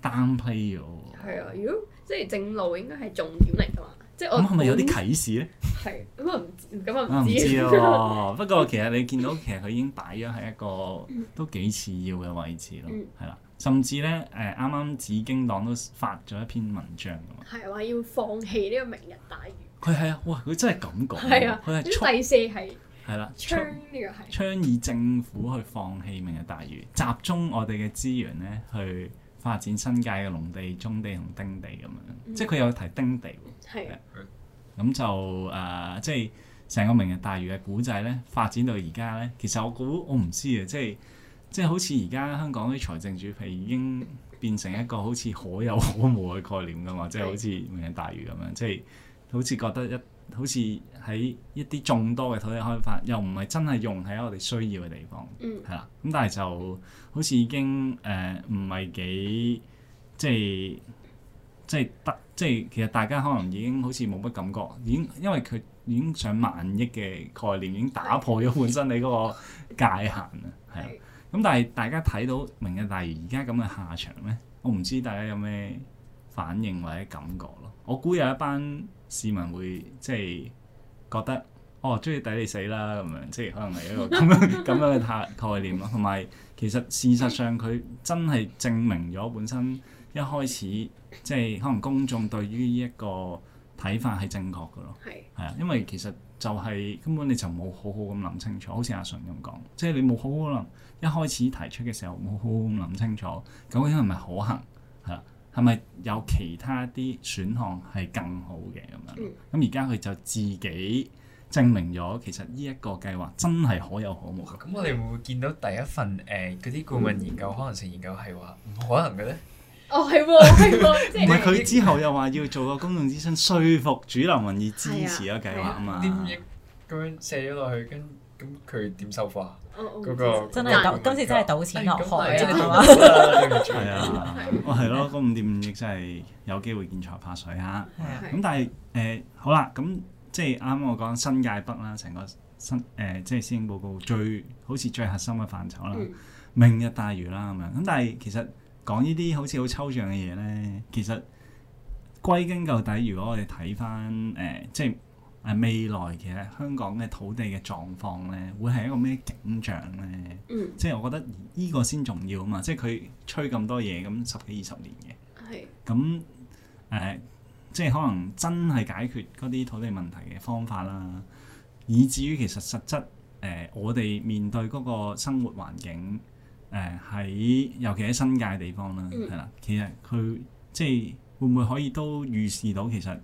S3: 單批咗。
S4: 係啊，如果即係正路應該係重點嚟㗎嘛，即係我咁係咪有啲啟示咧？係咁啊，唔咁啊，唔
S3: 知 不過其實你見到其實佢已經擺咗喺一個都幾次要嘅位置咯，係啦、 嗯。甚至咧，誒啱啱紫荊黨都發咗一篇文章㗎嘛，係話要放棄呢個明日大嶼。佢係啊，哇！佢真係咁講，佢係。第四係。係啦。倡呢倡議政府去放棄明日大嶼，集中我哋嘅資源咧去發展新界嘅農地、棕地同丁地咁樣。即係佢有提丁地。係。咁就誒，即係成個明日大嶼嘅古仔咧，發展到而家咧，其實我估我唔知啊，即係。即係好似而家香港啲財政儲備已經變成一個好似可有可無嘅概念㗎嘛，的即係好似明日大嶼咁樣，即係好似覺得一，好似喺一啲眾多嘅土地開發，又唔係真係用喺我哋需要嘅地方，係啦、嗯。咁但係就好似已經誒唔係幾，即係即係得，即係其實大家可能已經好似冇乜感覺，已經因為佢已經上萬億嘅概念，已經打破咗本身你嗰個界限啊，係。咁但係大家睇到明日大嶼，但係而家咁嘅下場咧，我唔知大家有咩反應或者感覺咯。我估有一班市民會即係覺得，哦，中意抵你死啦咁樣，即係可能係一個咁樣咁 樣嘅態概念咯。同埋其實事實上佢真係證明咗本身一開始即係可能公眾對於呢一個睇法係正確㗎咯。係啊的，因為其實就係根本你就冇好好咁諗清楚，好似阿淳咁講，即係你冇好好諗。一開始提出嘅時候冇好好咁諗清楚，究竟係咪可行？吓係咪有其他啲選項係更好嘅咁樣？咁而家佢
S1: 就自己證明咗，其實呢一個計劃真係可有可無可。咁、嗯、我哋會唔會見到第一份誒嗰啲顧問研究，嗯、可能性研究係話唔可能嘅咧？哦，係喎、哦，係喎、哦，唔係佢之
S3: 後又話要做個公眾諮詢， 說服主流民意支持個計劃啊嘛，啲
S1: 五億咁樣射咗落去跟。佢點收貨啊？嗰個真係賭，今次真係賭錢落海啊！係啊，哇，係
S2: 咯，
S3: 咁五點五億真係有機會見財化水嚇。咁但係誒好啦，咁即係啱啱我講新界北啦，成個新誒即係施政報告最好似最核心嘅範疇啦，明日大嶼啦咁樣。咁但係其實講呢啲好似好抽象嘅嘢咧，其實歸根究底，如果我哋睇翻誒即係。誒未來其實香港嘅土地嘅狀況咧，會係一個咩景象咧？Mm. 即係我覺得呢個先重要啊嘛！即係佢吹咁多嘢，咁十幾二十年嘅，係、mm.，咁、呃、誒，即係可能真係解決嗰啲土地問題嘅方法啦，以至於其實實質誒、呃，我哋面對嗰個生活環境誒，喺、呃、尤其喺新界地方啦，係、mm. 啦，其實佢即係會唔會可以都預示到其實？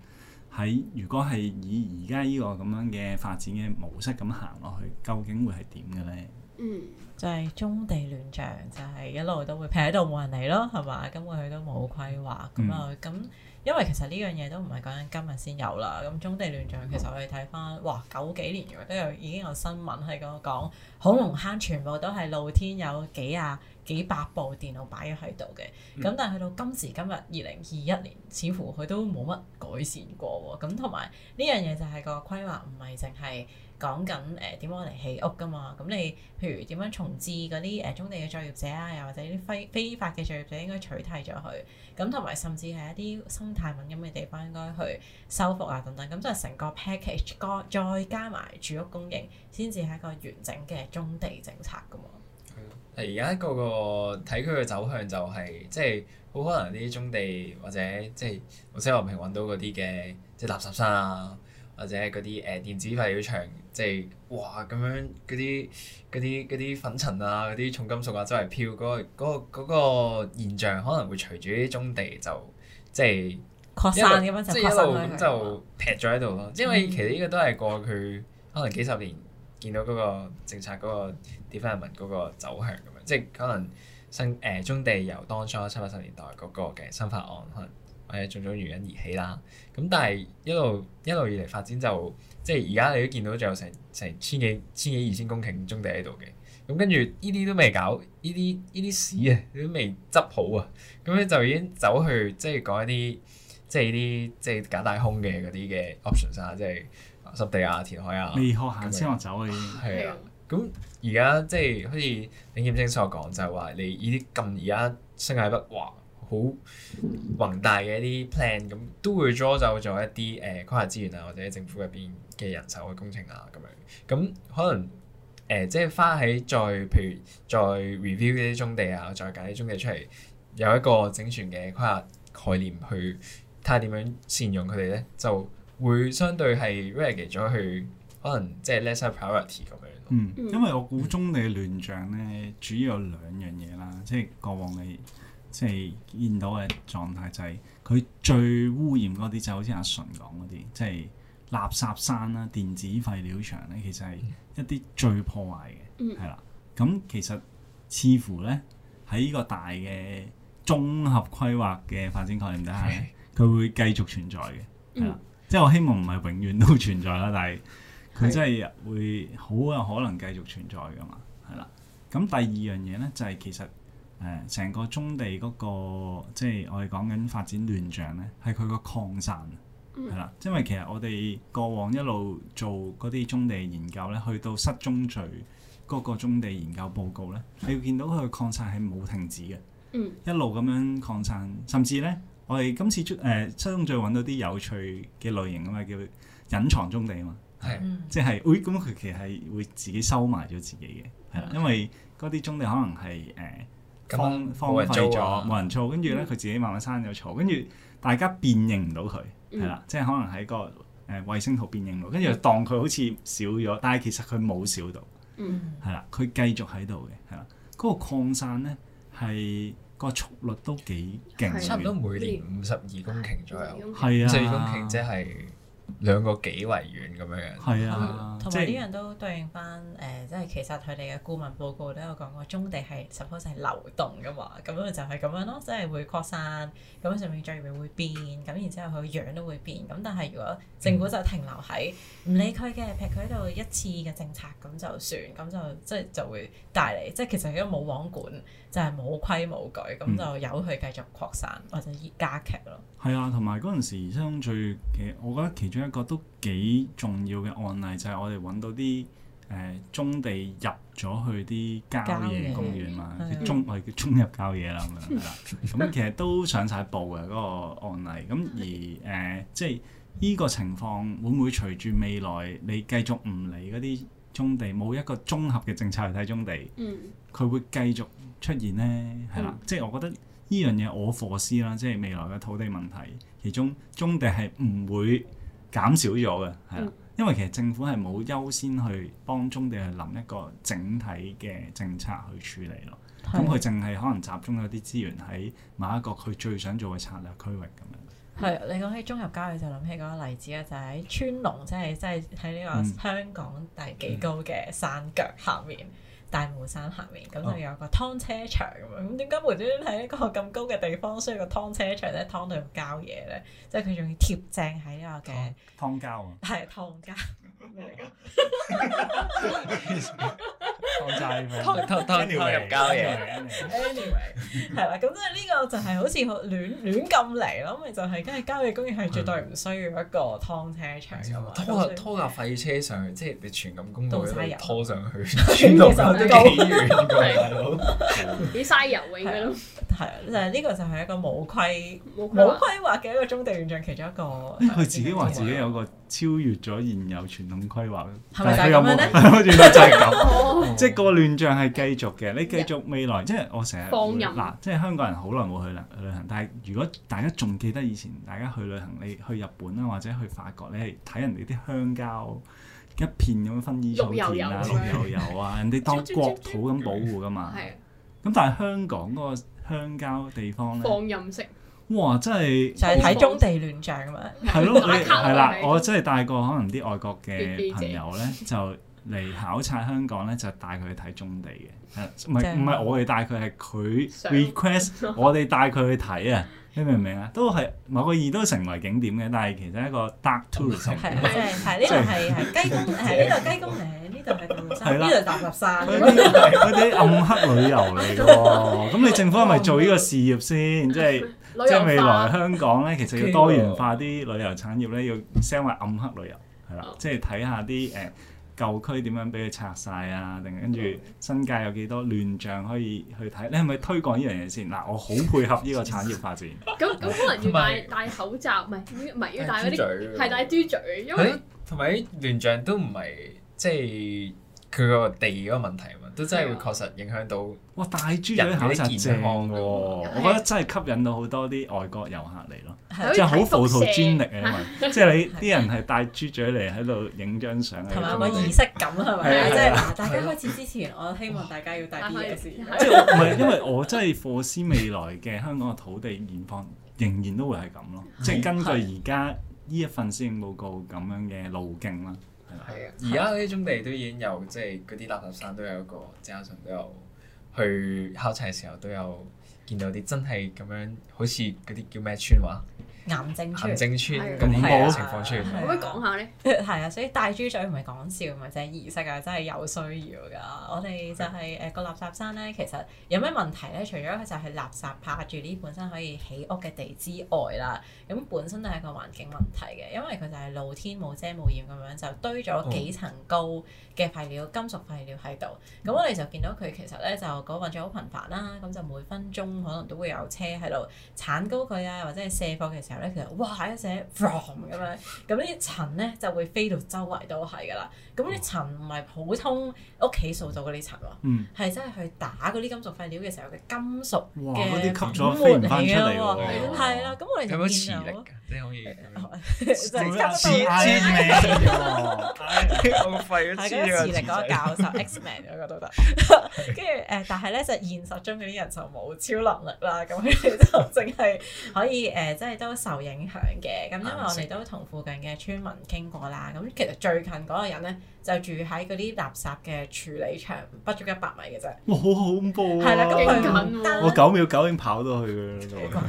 S3: 喺如果係以而家呢個咁樣嘅發展嘅模式咁行落去，究竟會係點嘅咧？嗯，
S2: 就係中地亂象，就係、是、一路都會劈喺度冇人嚟咯，係嘛？根本佢都冇規劃咁啊咁。嗯因為其實呢樣嘢都唔係講緊今日先有啦，咁棕地亂象其實我哋睇翻，哇九幾年嘅都有已經有新聞係講講，恐龍坑全部都係露天，有幾啊幾百部電腦擺咗喺度嘅，咁、嗯、但係去到今時今日二零二一年，似乎佢都冇乜改善過，咁同埋呢樣嘢就係個規劃唔係淨係。講緊誒點樣嚟起屋㗎嘛？咁你譬如點樣重置嗰啲誒棕地嘅作業者啊，又或者啲非非法嘅作業者應該取締咗佢咁，同埋甚至係一啲生態敏感嘅地方應該去修復啊，等等咁，就係成個 package 再加埋住屋供應，先至係一個完整嘅棕地政策
S1: 㗎嘛。係啊，而家個個睇佢嘅走向就係即係好可能呢啲棕地或者、就是、即係我西河平揾到嗰啲嘅即係垃圾山啊，或者嗰啲誒電子廢料場。即係哇，咁樣嗰啲嗰啲嗰啲粉塵啊、嗰啲重金屬啊周圍飄，嗰、嗰個嗰、嗰個嗰、嗰個現象可能會隨住啲棕地就即
S2: 係擴散咁樣，就擴，咁
S1: 就劈咗喺度咯。因為其實呢個都係過去可能幾十年見到嗰個政策嗰個 development 嗰個走向咁樣，即係可能新誒、呃、棕地由當初七八十年代嗰個嘅新法案可能。誒，種種原因而起啦，咁但係一路一路以嚟發展就，即係而家你都見到，仲有成成千幾千幾二千公頃棕地喺度嘅，咁跟住呢啲都未搞，呢啲呢啲屎啊都未執好啊，咁咧就已經走去即係講一啲即係呢啲即係假大空嘅嗰啲嘅 options 啊，即係濕地啊、填海啊，未學行先學走啊已經。係啊，咁而家即係好似李劍清所講，就係話你呢啲咁而家新界北哇～好宏大嘅一啲 plan 咁，都會 draw 走咗一啲誒規劃資源啊，或者政府入邊嘅人手嘅工程啊咁樣咁可能誒、呃、即係花喺再譬如再 review 呢啲宗地啊，再揀啲宗地出嚟，有一個整全嘅規劃概念去睇下點樣善用佢哋咧，就會相對係 rate 咗去可能即係 less priority 咁樣
S3: 咯。因為我估宗地嘅亂象咧，嗯、主要有兩樣嘢啦，即係過往你。即係見到嘅狀態就係佢最污染嗰啲就好似阿淳講嗰啲，即係垃圾山啦、啊、電子廢料場咧，其實係一啲最破壞嘅，係、嗯、啦。咁其實似乎咧喺呢個大嘅綜合規劃嘅發展概念底下，佢會繼續存在嘅。係、嗯、啦，即係我希望唔係永遠都存在啦，但係佢真係會好有可能繼續存在㗎嘛。係啦。咁第二樣嘢咧就係、是、其實。誒成個棕地嗰、那個，即係我哋講緊發展亂象咧，係佢個擴散係啦、嗯。因為其實我哋過往一路做嗰啲棕地研究咧，去到失棕罪，嗰個棕地研究報告咧，的你會見到佢擴散係冇停止嘅，嗯、一路咁樣擴散。甚至咧，我哋今次出誒、呃、失棕罪揾到啲有趣嘅類型啊嘛，叫隱藏棕地啊嘛，係即係，會咁佢其實係會自己收埋咗自己嘅，係啦，因為嗰啲棕地可能係誒。呃呃呃放荒廢咗，冇人做、啊，跟住咧佢自己慢慢生咗草，跟住大家辨認唔到佢，係啦、嗯，即係可能喺個誒衛星圖辨認到，跟住當佢好似少咗，但係其實佢冇少到，係啦、嗯，佢繼續
S1: 喺度嘅，係啦，
S3: 嗰、那個擴散咧
S1: 係個速率都幾勁，的差唔多每年五十二公頃左右，係啊，即係的。兩個幾為遠咁樣樣，係啊，啊即同埋呢樣
S2: 都對應翻誒，即、呃、係其實佢哋嘅顧問報告都有講過，棕地係 suppose 係流動噶嘛，咁樣就係咁樣咯，即係會擴散，咁上面再嚟會變，咁然之後佢個樣都會變，咁但係如果政府就停留喺唔理佢嘅，劈佢喺度一次嘅政策咁就算，咁就即係就會帶嚟，即係其實如果冇網管就係、是、冇規冇矩，咁就由佢繼續擴散、嗯、或者加劇咯。
S3: 係啊、嗯，同埋嗰陣時相最，我覺得其中。一個都幾重要嘅案例就係、是、我哋揾到啲誒、呃、棕地入咗去啲郊野公園嘛，野我哋叫的棕，棕入郊野啦咁樣係啦。咁其實都上晒報嘅嗰個案例。咁、嗯、而誒、呃，即係依個情況會唔會隨住未來你繼續唔理嗰啲棕地，冇一個綜合嘅政策嚟睇棕地，佢、嗯、會繼續出現咧？係啦，嗯、即係我覺得呢樣嘢我 foresee 啦，即係未來嘅土地問題其中棕地係唔會。減少咗嘅，係啦，因為其實政府係冇優先去幫中地去諗一個整體嘅政策去處理咯，咁佢淨係可能集中咗啲資源喺某一個佢最想做嘅策略區域咁樣。
S2: 係的，嗯、你講起中油交，野就諗起嗰個例子啦，就喺、是、川龍，即係即係喺呢個香港第幾高嘅山腳下面。嗯嗯大帽山下面咁就、哦、有個劏車場咁樣，咁點解無端端喺一個咁高嘅地方需要個劏車場咧？湯到去交嘢咧，即係佢仲要貼正喺一個嘅湯膠啊，係湯膠。
S3: 咩嚟㗎？
S1: 拖曳咩？拖拖入郊野
S2: 你。Anyway，係啦，咁啊呢個就係好似好亂亂咁嚟咯，咪就係，跟住郊野公園係絕對唔需要一個劏車場的拖車場。拖
S1: 架拖架廢車上，、就是、上去，即係你荃錦公路拖上去，荃錦公路。 都幾
S2: 嘥油嘅咯，係就係呢個就係一個冇規冇規劃嘅一個中地現象，其中一個，個。佢自己話自己
S3: 有個超越咗現有傳統。規劃，但係佢有冇咁？即係個亂象係繼續嘅，你繼續未來，即係我成日，嗱任，即係香港人好耐冇去啦旅行。但係如果大家仲記得以前大家去旅行，你去日本啦或者去法國，你睇人哋啲鄉郊一片咁薰衣草田油油啊，綠的油油啊， 人哋當國土咁保護噶嘛。係咁、嗯、的但係香港嗰個鄉郊地方咧，
S2: 放任式。
S3: 哇！真係就係睇中地亂象嘛，係咯，你係啦。我真係帶過可能啲外國嘅朋友咧，就嚟考察香港咧，就帶佢去睇中地嘅。係唔係唔係我哋帶佢，係佢 request 我哋帶佢去睇啊？你明唔明啊？都係某個意都成為景點嘅，但係其實一個 dark tourism 係係呢度係
S2: 係雞公係呢度雞公嶺，呢度係夾山，
S3: 呢度夾夾山。嗰啲暗黑旅遊嚟㗎，咁你政府係咪做呢個事業先？即係。即係未來香港咧，其實要多元化啲旅遊產業咧， 要成為暗黑旅遊係啦，oh. 即係睇下啲誒舊區點樣俾佢拆晒，啊，定跟住新界有幾多亂象可以去睇？你係咪推廣依樣嘢先？嗱，我好配合呢個產業發展。咁咁
S4: 可能要戴 戴口罩，唔係唔係要戴嗰啲，係戴豬嘴，戴嘴。因
S3: 為
S1: 同埋啲亂象都唔係即係佢個地嗰個問題。都真係會確實影響到，哇！
S3: 大豬嘴考察正，我覺得
S1: 真係吸引到好多啲
S3: 外國遊客嚟咯，即係好浮屠專力啊！因為即係你啲人係大豬嘴嚟喺度影張相啊，同埋個儀式感係咪？即係嗱，大家開始
S2: 之前，我希望大家要帶啲嘢先。即係唔係因
S3: 為我真係 foresight 未來嘅香港嘅土地現況，仍然都會係咁咯。即係根據而家呢一份施政報告咁樣嘅路徑啦。
S1: 係啊，而家嗰啲棕地都已經有，即係嗰啲垃圾山都有一個，即刻上都有去考察嘅時候都有見到啲真係咁樣，好似嗰啲叫咩村話？
S2: 癌症村，咁冇情況出現，啊。可唔可以講下咧？係啊，所以戴豬嘴唔係講笑，咪就係儀式啊，真係有需要㗎。我哋就係、是、誒、啊呃嗰個垃圾山咧，其實有咩問題咧？除咗佢就係垃圾拍住呢本身可以起屋嘅地之外啦，咁本身都係個環境問題嘅，因為佢就係露天冇遮冇掩咁樣，就堆咗幾層高嘅廢料、哦、金屬廢料喺度。咁我哋就見到佢其實咧就嗰運作好頻繁啦，咁就每分鐘可能都會有車喺度鏟高佢啊，或者係卸貨嘅。其實哇一聲 boom 咁樣，咁呢啲塵咧就會飛到周圍都係噶啦。咁呢啲塵唔係普通屋企掃到嗰啲塵咯，嗯，係真係去打嗰啲金屬廢料嘅時候嘅金屬嘅粉末嚟嘅咯。係啦，咁我哋有冇磁力噶？你可以就係吸到啱啱。我廢咗磁力嗰個教授 Xman 嗰個都得。跟住誒，但係咧就現實中嗰啲人就冇超能力啦。咁佢哋就淨係可以誒，即係都。受影響嘅，咁、嗯、因為我哋都同附近嘅村民傾過啦。咁、嗯、其實最近嗰個人咧，就住喺嗰啲垃圾嘅處理場，不足一百米嘅啫。
S3: 哇，好恐怖！係啦，咁近，我九秒九已經跑到去嘅啦。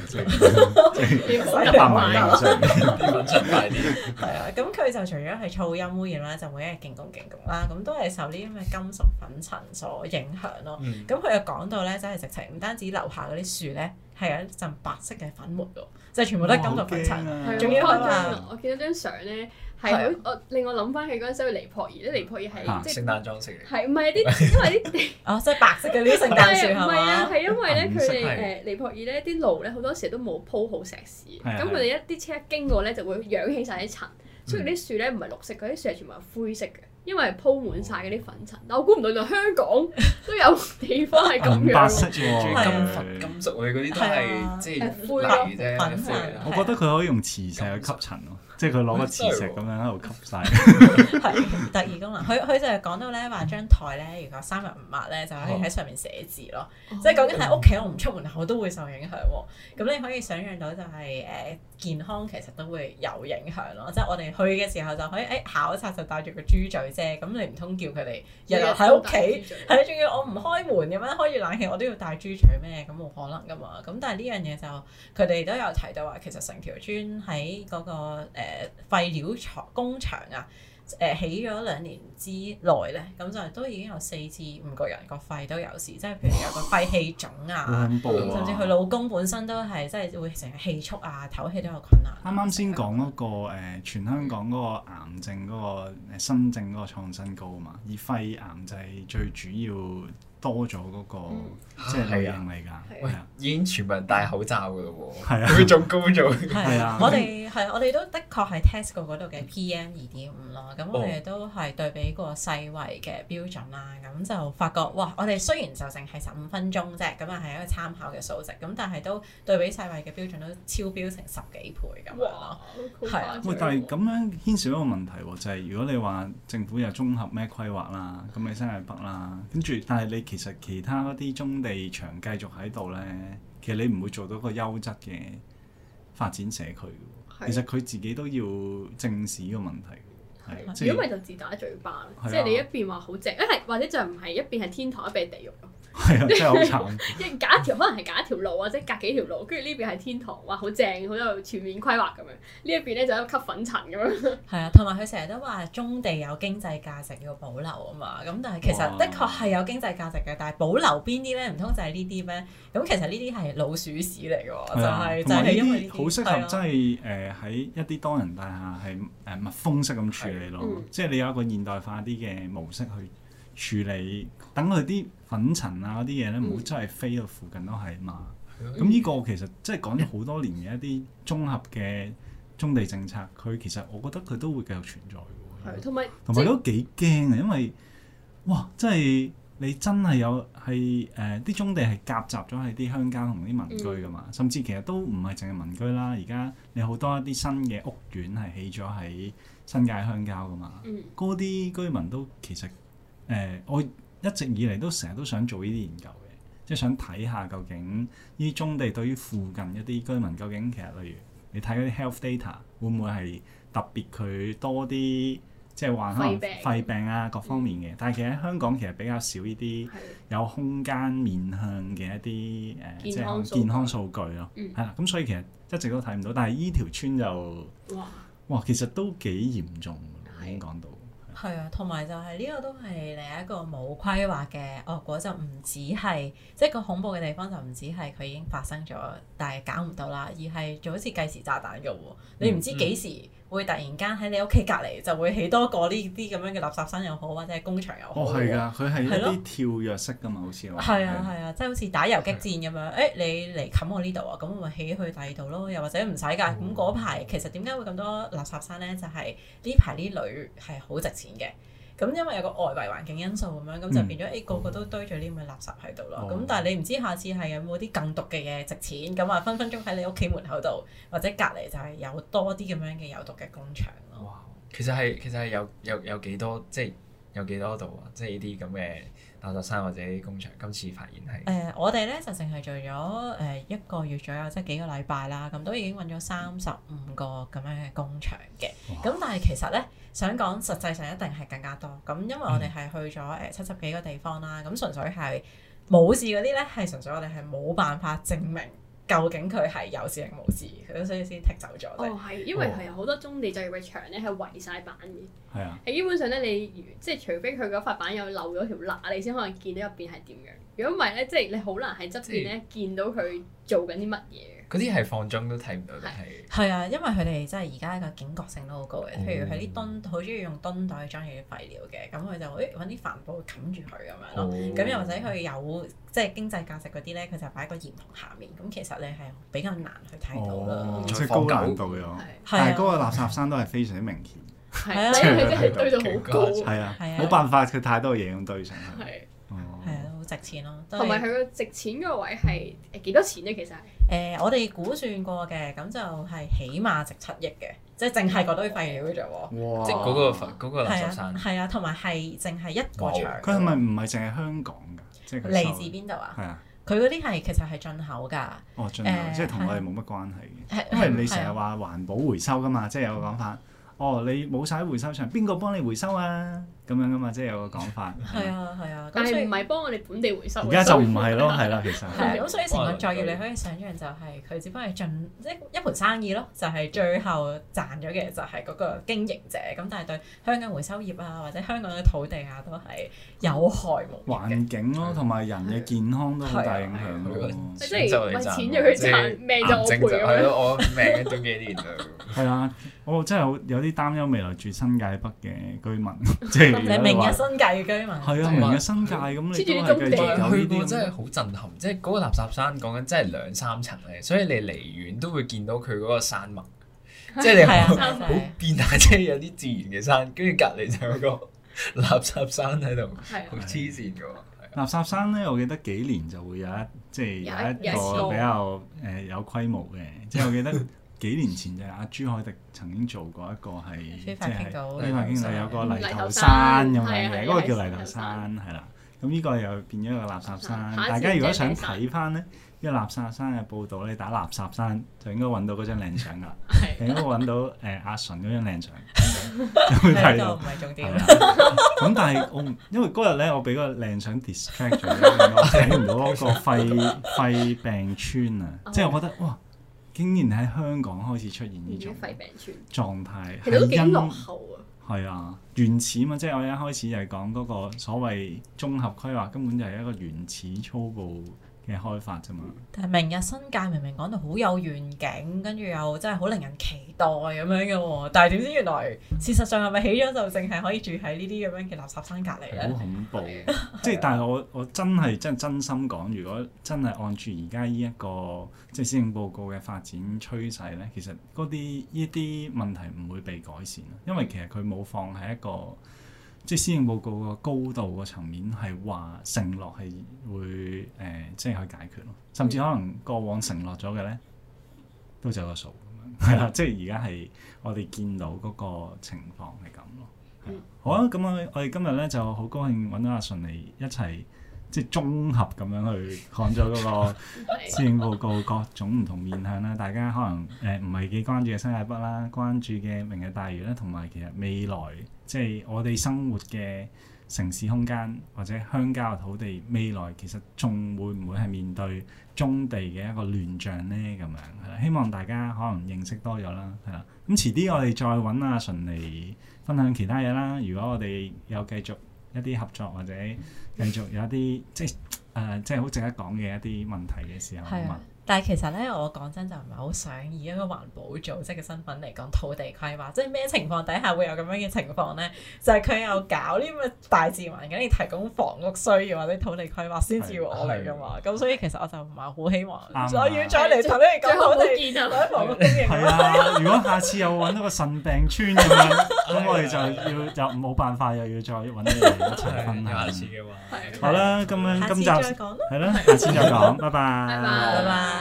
S3: 一百米以上，粉塵大啲。係啊，
S2: 咁佢就除咗係噪音污染啦，就每一日勁工勁工啦，咁都係受呢啲咁嘅金屬粉塵所影響咯。咁佢又講到咧，真係直情唔單止樓下嗰啲樹咧。係啊！一陣白色嘅粉末喎，即係、全部都係金屬粉塵。仲要、哦、啊、啊！我
S4: 見到張相
S2: 咧，係我
S4: 令我諗翻起嗰陣時，去尼泊爾咧，啊、尼泊爾係即係聖誕裝飾嘅。係唔係啲？因為啲啊，即係、 哦即
S2: 係、白色嘅呢啲聖誕樹係唔係啊，係、啊、因為咧佢哋誒
S4: 尼泊爾咧啲路咧好多時都冇鋪好石屎，咁佢哋一啲車一經過咧就會揚起晒啲塵，所以啲樹咧唔係綠色，嗰啲樹係全部灰色嘅。因為鋪滿晒嗰啲粉塵，但我估唔到就香港都有地方係咁樣。金白色住金、啊、金屬
S1: 類嗰啲都係、啊、即係灰咯粉塵、啊、我覺
S3: 得佢可以用磁石去吸塵咯，即係佢攞個磁石咁樣喺度吸晒。係、啊、特
S2: 異功能，佢佢就係講到咧話張台咧，如果三日唔抹咧，就可以喺上面寫字咯。哦哦、即係究竟喺屋企，我唔出門口都會受影響。咁你可以想象到就係、是、誒。呃健康其實都會有影響咯，即係我哋去嘅時候就可以，誒、欸、考察就帶住個豬嘴啫。咁你唔通叫佢哋日日喺屋企，係仲要，要我唔開門咁樣開住冷氣，我都要帶豬嘴咩？咁冇可能噶嘛。咁但係呢樣嘢就佢哋都有提到話，其實成橋村喺嗰、嗰個誒、呃、廢料廠工場啊。誒、呃、起咗兩年之內咧，咁就都已經有四至五個人個肺都有事，即係譬如有個肺氣腫啊，啊甚至佢老公本身都係即係會成日氣促啊、唞氣都有困
S3: 難，啊。啱啱先講嗰個、嗯呃、全香港嗰個癌症嗰、嗰個、呃、新症嗰個創新高啊嘛，以肺癌就係最主要。多
S1: 咗嗰、那個、嗯、即係類型嚟㗎，啊啊、喂，已經全部人戴口罩㗎咯喎，係啊，仲高咗，係啊，我哋
S2: 係我哋都確的確係 test 過嗰度嘅 PM 二點五咯，咁我哋都係對比過世衞嘅標準啦，咁就發覺哇，我哋雖然就淨係十五分鐘啫，咁啊係一個參考嘅數值，咁但係都對比世衞嘅標準都超標成十幾倍咁樣咯，係哇啊，但係
S3: 咁樣牽涉一個問題喎，就係、是、如果你話政府又綜合咩規劃啦，咁你新界北啦，跟住但係你。其實其他嗰啲棕地場繼續喺度咧，其實你唔會做到一個優質嘅發展社區的其實佢自己都要正視呢個問題。係的，如果唔係就
S4: 自打嘴巴。的即係你一邊話好正，一係或者就唔係一邊係天堂，一邊係地獄。係啊，真係好慘。 假一隔一條，可能係隔一條路啊，即隔幾條路，跟住呢邊係天堂，哇，
S2: 好正，好有全面規劃咁樣。呢一邊咧就喺度吸粉塵咁樣。係啊，同埋佢成日都話棕地有經濟價值要保留啊嘛。咁但係其實的確係有經濟價值嘅，但係保留邊啲咧？唔通就係呢啲咩？咁其實呢啲係老鼠屎嚟嘅，啊、就係、是、就係因為好適合
S3: 即係誒喺一啲多人大廈係誒密封式咁處理咯。即係、啊嗯、你有一個現代化啲嘅模式去處理，等佢啲。粉塵啊嗰啲嘢咧，唔好、嗯、真係飛到附近都係嘛。咁呢個其實即係講咗好多年嘅一啲綜合嘅棕地政策，佢其實我覺得佢都會繼續存在。
S4: 同埋同埋都
S3: 幾驚啊！因為哇，真係你真係有係誒啲棕地係夾雜咗喺啲鄉郊同啲民居噶嘛，嗯、甚至其實都唔係淨係民居啦。而家你好多一啲新嘅屋苑係起咗喺新界鄉郊噶嘛。嗰啲、嗯、居民都其實誒、呃、我。一直以嚟都成日都想做呢啲研究嘅，即係想睇下究竟呢啲棕地對於附近一啲居民究竟其實例如你睇嗰啲 health data 會唔會係特別佢多啲，即係患可能肺病啊各方面嘅。但係其實喺香港其實比較少呢啲有空間面向嘅一啲誒即係健康數據咯。係啦、嗯，咁、啊、所以其實一直都睇唔到，但係呢條村就哇，其實都幾嚴重，已經講到。
S2: 係啊，同埋就係呢個都係另一個冇規劃嘅惡果，就唔止係即係個恐怖嘅地方，就唔止係佢已經發生咗，但係搞唔到啦，而係就好似計時炸彈咁喎，你唔知幾時、嗯。嗯會突然間喺你屋企隔離就會起多個呢啲咁樣嘅垃圾山又好，或者係工場又好。哦，係㗎，佢係一啲
S3: 跳躍式㗎嘛，好似係。係啊係
S2: 啊，即係好似打游擊戰咁樣，誒，你嚟冚我呢度啊，咁我咪起去第二度咯。又或者唔使㗎，咁嗰排其實點解會咁多垃圾山咧？就係呢排啲泥係好值錢嘅。咁因為有個外圍環境因素咁樣，咁、嗯、就變咗，誒、哎、個個都堆住啲咁嘅垃圾喺度咯。咁、嗯、但係你唔知下次係有冇啲更毒嘅嘢值錢，咁啊分分鐘喺你屋企門口度或者隔籬就係有多啲咁樣嘅有毒嘅工場
S1: 咯。哇！其實係其實係有有有幾多，即係有幾多度啊？即係呢啲咁嘅。垃圾山或者啲工場，今次發現係誒、
S2: 呃，我哋咧就淨係做咗誒、呃、一個月左右，即係幾個禮拜啦，咁都已經揾咗三十五個咁樣嘅工場嘅。咁哇但係其實咧想講，實際上一定係更加多，咁因為我哋係去咗誒七十幾個地方啦，咁、嗯、純粹係冇字嗰啲咧係純粹我哋係冇辦法證明。究竟佢係有事定冇事？佢都所以先踢走咗。哦，係，因為有
S4: 好多棕地製藥嘅牆咧，係圍晒板嘅。係啊，係基本上咧，你即係除非佢嗰塊板有漏咗條罅，你先可能見到入邊係點樣。如果唔係咧，即係你好難喺側邊咧見到佢做緊啲乜嘢。嗯嗰啲係
S1: 放裝都睇唔到嘅，
S2: 係，係啊，因為佢哋真係而家個警覺性都好高嘅。譬如佢啲墩好中意用噸袋裝住啲廢料嘅，咁佢就揾啲帆布冚住佢咁樣咯。咁又或者佢有即係經濟價值嗰啲咧，佢就擺喺個鹽盤下面。咁其實你係比較難去睇
S3: 到嘅，即係高難度嘅。但係嗰個垃圾山都係非常之明顯，係啊，佢真係堆到好高。係啊，冇辦法，佢太多嘢咁堆上啦。
S2: 係啊，好值錢咯。同埋佢個值錢嗰個位係誒幾多錢咧？其實誒，我哋估算過嘅，咁就係起碼值七億嘅，即係淨係嗰堆廢料咋喎。哇！
S1: 即係嗰個廢
S3: 嗰個垃圾山。係
S2: 啊，同埋係淨係一個場。佢係
S3: 咪唔係淨係香港㗎？即係嚟自邊度啊？係啊，
S2: 佢嗰啲係其實係進口㗎。哦，進
S3: 口，即係同我哋冇乜關係嘅，因為你成日話環保回收㗎嘛，即係有個講法，哦，你冇晒回收場，邊個幫你回收啊？咁樣噶嘛，即係有個講法。
S2: 係啊，係啊，但係唔係幫我哋本地回收。而家就唔係咯，係啦，其實。係，咁所以成個作業你可以想像就係，佢只不過係盡即係一盤生意咯，就係最後賺咗嘅就係嗰個經營者。咁但係對香港回收業啊，或者香港嘅土地啊都係
S3: 有害無益嘅環境咯，同埋人嘅健康都好大影響咯。即係咪錢就去賺，命就賠？係咯，
S1: 我命都幾年
S3: 啦。係啊，我真係有有啲擔憂未來住新界北嘅居民即係。你明
S1: 日新界嘅居民係啊，明日新界咁，對黐住啲棕地啊！去過真係好震撼，即係嗰個垃圾山講緊真係兩三層咧，所以你離遠都會見到佢嗰個山脈，即係好你變態，即係有啲自然嘅山，跟住隔離就有一個垃圾山喺度，係好黐線嘅。
S3: 對對垃圾山咧，我記得幾年就會有一即係有一個比較誒有規模嘅，即係我記得。 幾年前就係阿朱凱迪曾經做過一個係，即係《新聞經濟》有個泥頭山咁嘅嘢，嗰個叫泥頭山係啦。咁呢個又變咗一個垃圾山。大家如果想睇翻呢依個垃圾山嘅報導咧，打垃圾山就應該揾到嗰張靚相噶啦。你應該揾到誒阿純嗰張靚相。喺度唔係重點。咁但係我因為嗰日咧，我俾嗰個靚相 distract 咗，睇唔到嗰個肺肺病村啊，即係我覺得哇！竟然喺香港開始出現呢種肺病村狀態，係因都幾落後啊！係啊，原始啊，即係我一開始就係講嗰個所謂綜合規劃，根本就係一個原始粗暴嘅開發啫嘛，
S2: 但係明日新界明明講到好有願景，跟住又真係好令人期待咁樣嘅喎、啊，但係點知原來事實上係咪起咗就淨係可以住喺呢啲咁樣嘅垃圾山隔離？好
S3: 恐怖！ 即係但係我我真係真係真心講，如果真係按住而家呢一個即係施政報告嘅發展趨勢咧，其實嗰啲呢啲問題唔會被改善，因為其實佢冇放喺一個。即係施政報告個高度個層面係話承諾係會誒，即係去解決咯，甚至可能過往承諾咗嘅咧，都走數咁樣，係啦。即係而家係我哋見到嗰個情況係咁咯。嗯、好啊，咁我我哋今日咧就好高興揾到阿順嚟一齊。即係綜合咁樣去看咗嗰個施政報告各種唔同面向啦、啊，大家可能誒唔係幾關注嘅新界北啦，關注嘅明日大嶼啦，同埋其實未來即係我哋生活嘅城市空間或者鄉郊土地未來其實仲會唔會係面對中地嘅一個亂象咧？咁樣係希望大家可能認識多咗啦，係啦。咁遲啲我哋再揾阿淳嚟分享其他嘢啦。如果我哋有繼續。一啲合作或者繼續有一啲即係誒，即係好、呃、值得講嘅一啲問題嘅時候問。
S2: 但係其實咧，我講真就唔係好想以一個環保組織嘅身份嚟講土地規劃，即係咩情況底下會有咁樣嘅情況咧？就係佢又搞啲咁嘅大自然環境，要提供房屋需要或者土地規劃先至要我嚟噶嘛？咁所以其實我就唔係好希望，所以我要再嚟同你哋講好多意見屋我
S3: 哋係啊！如果下次又揾到個腎病村咁樣，咁我哋就要又冇辦法又要再揾啲嘢嚟塵封啦。下次嘅話，好啦，咁樣今集係啦，下次再講，拜拜，拜拜。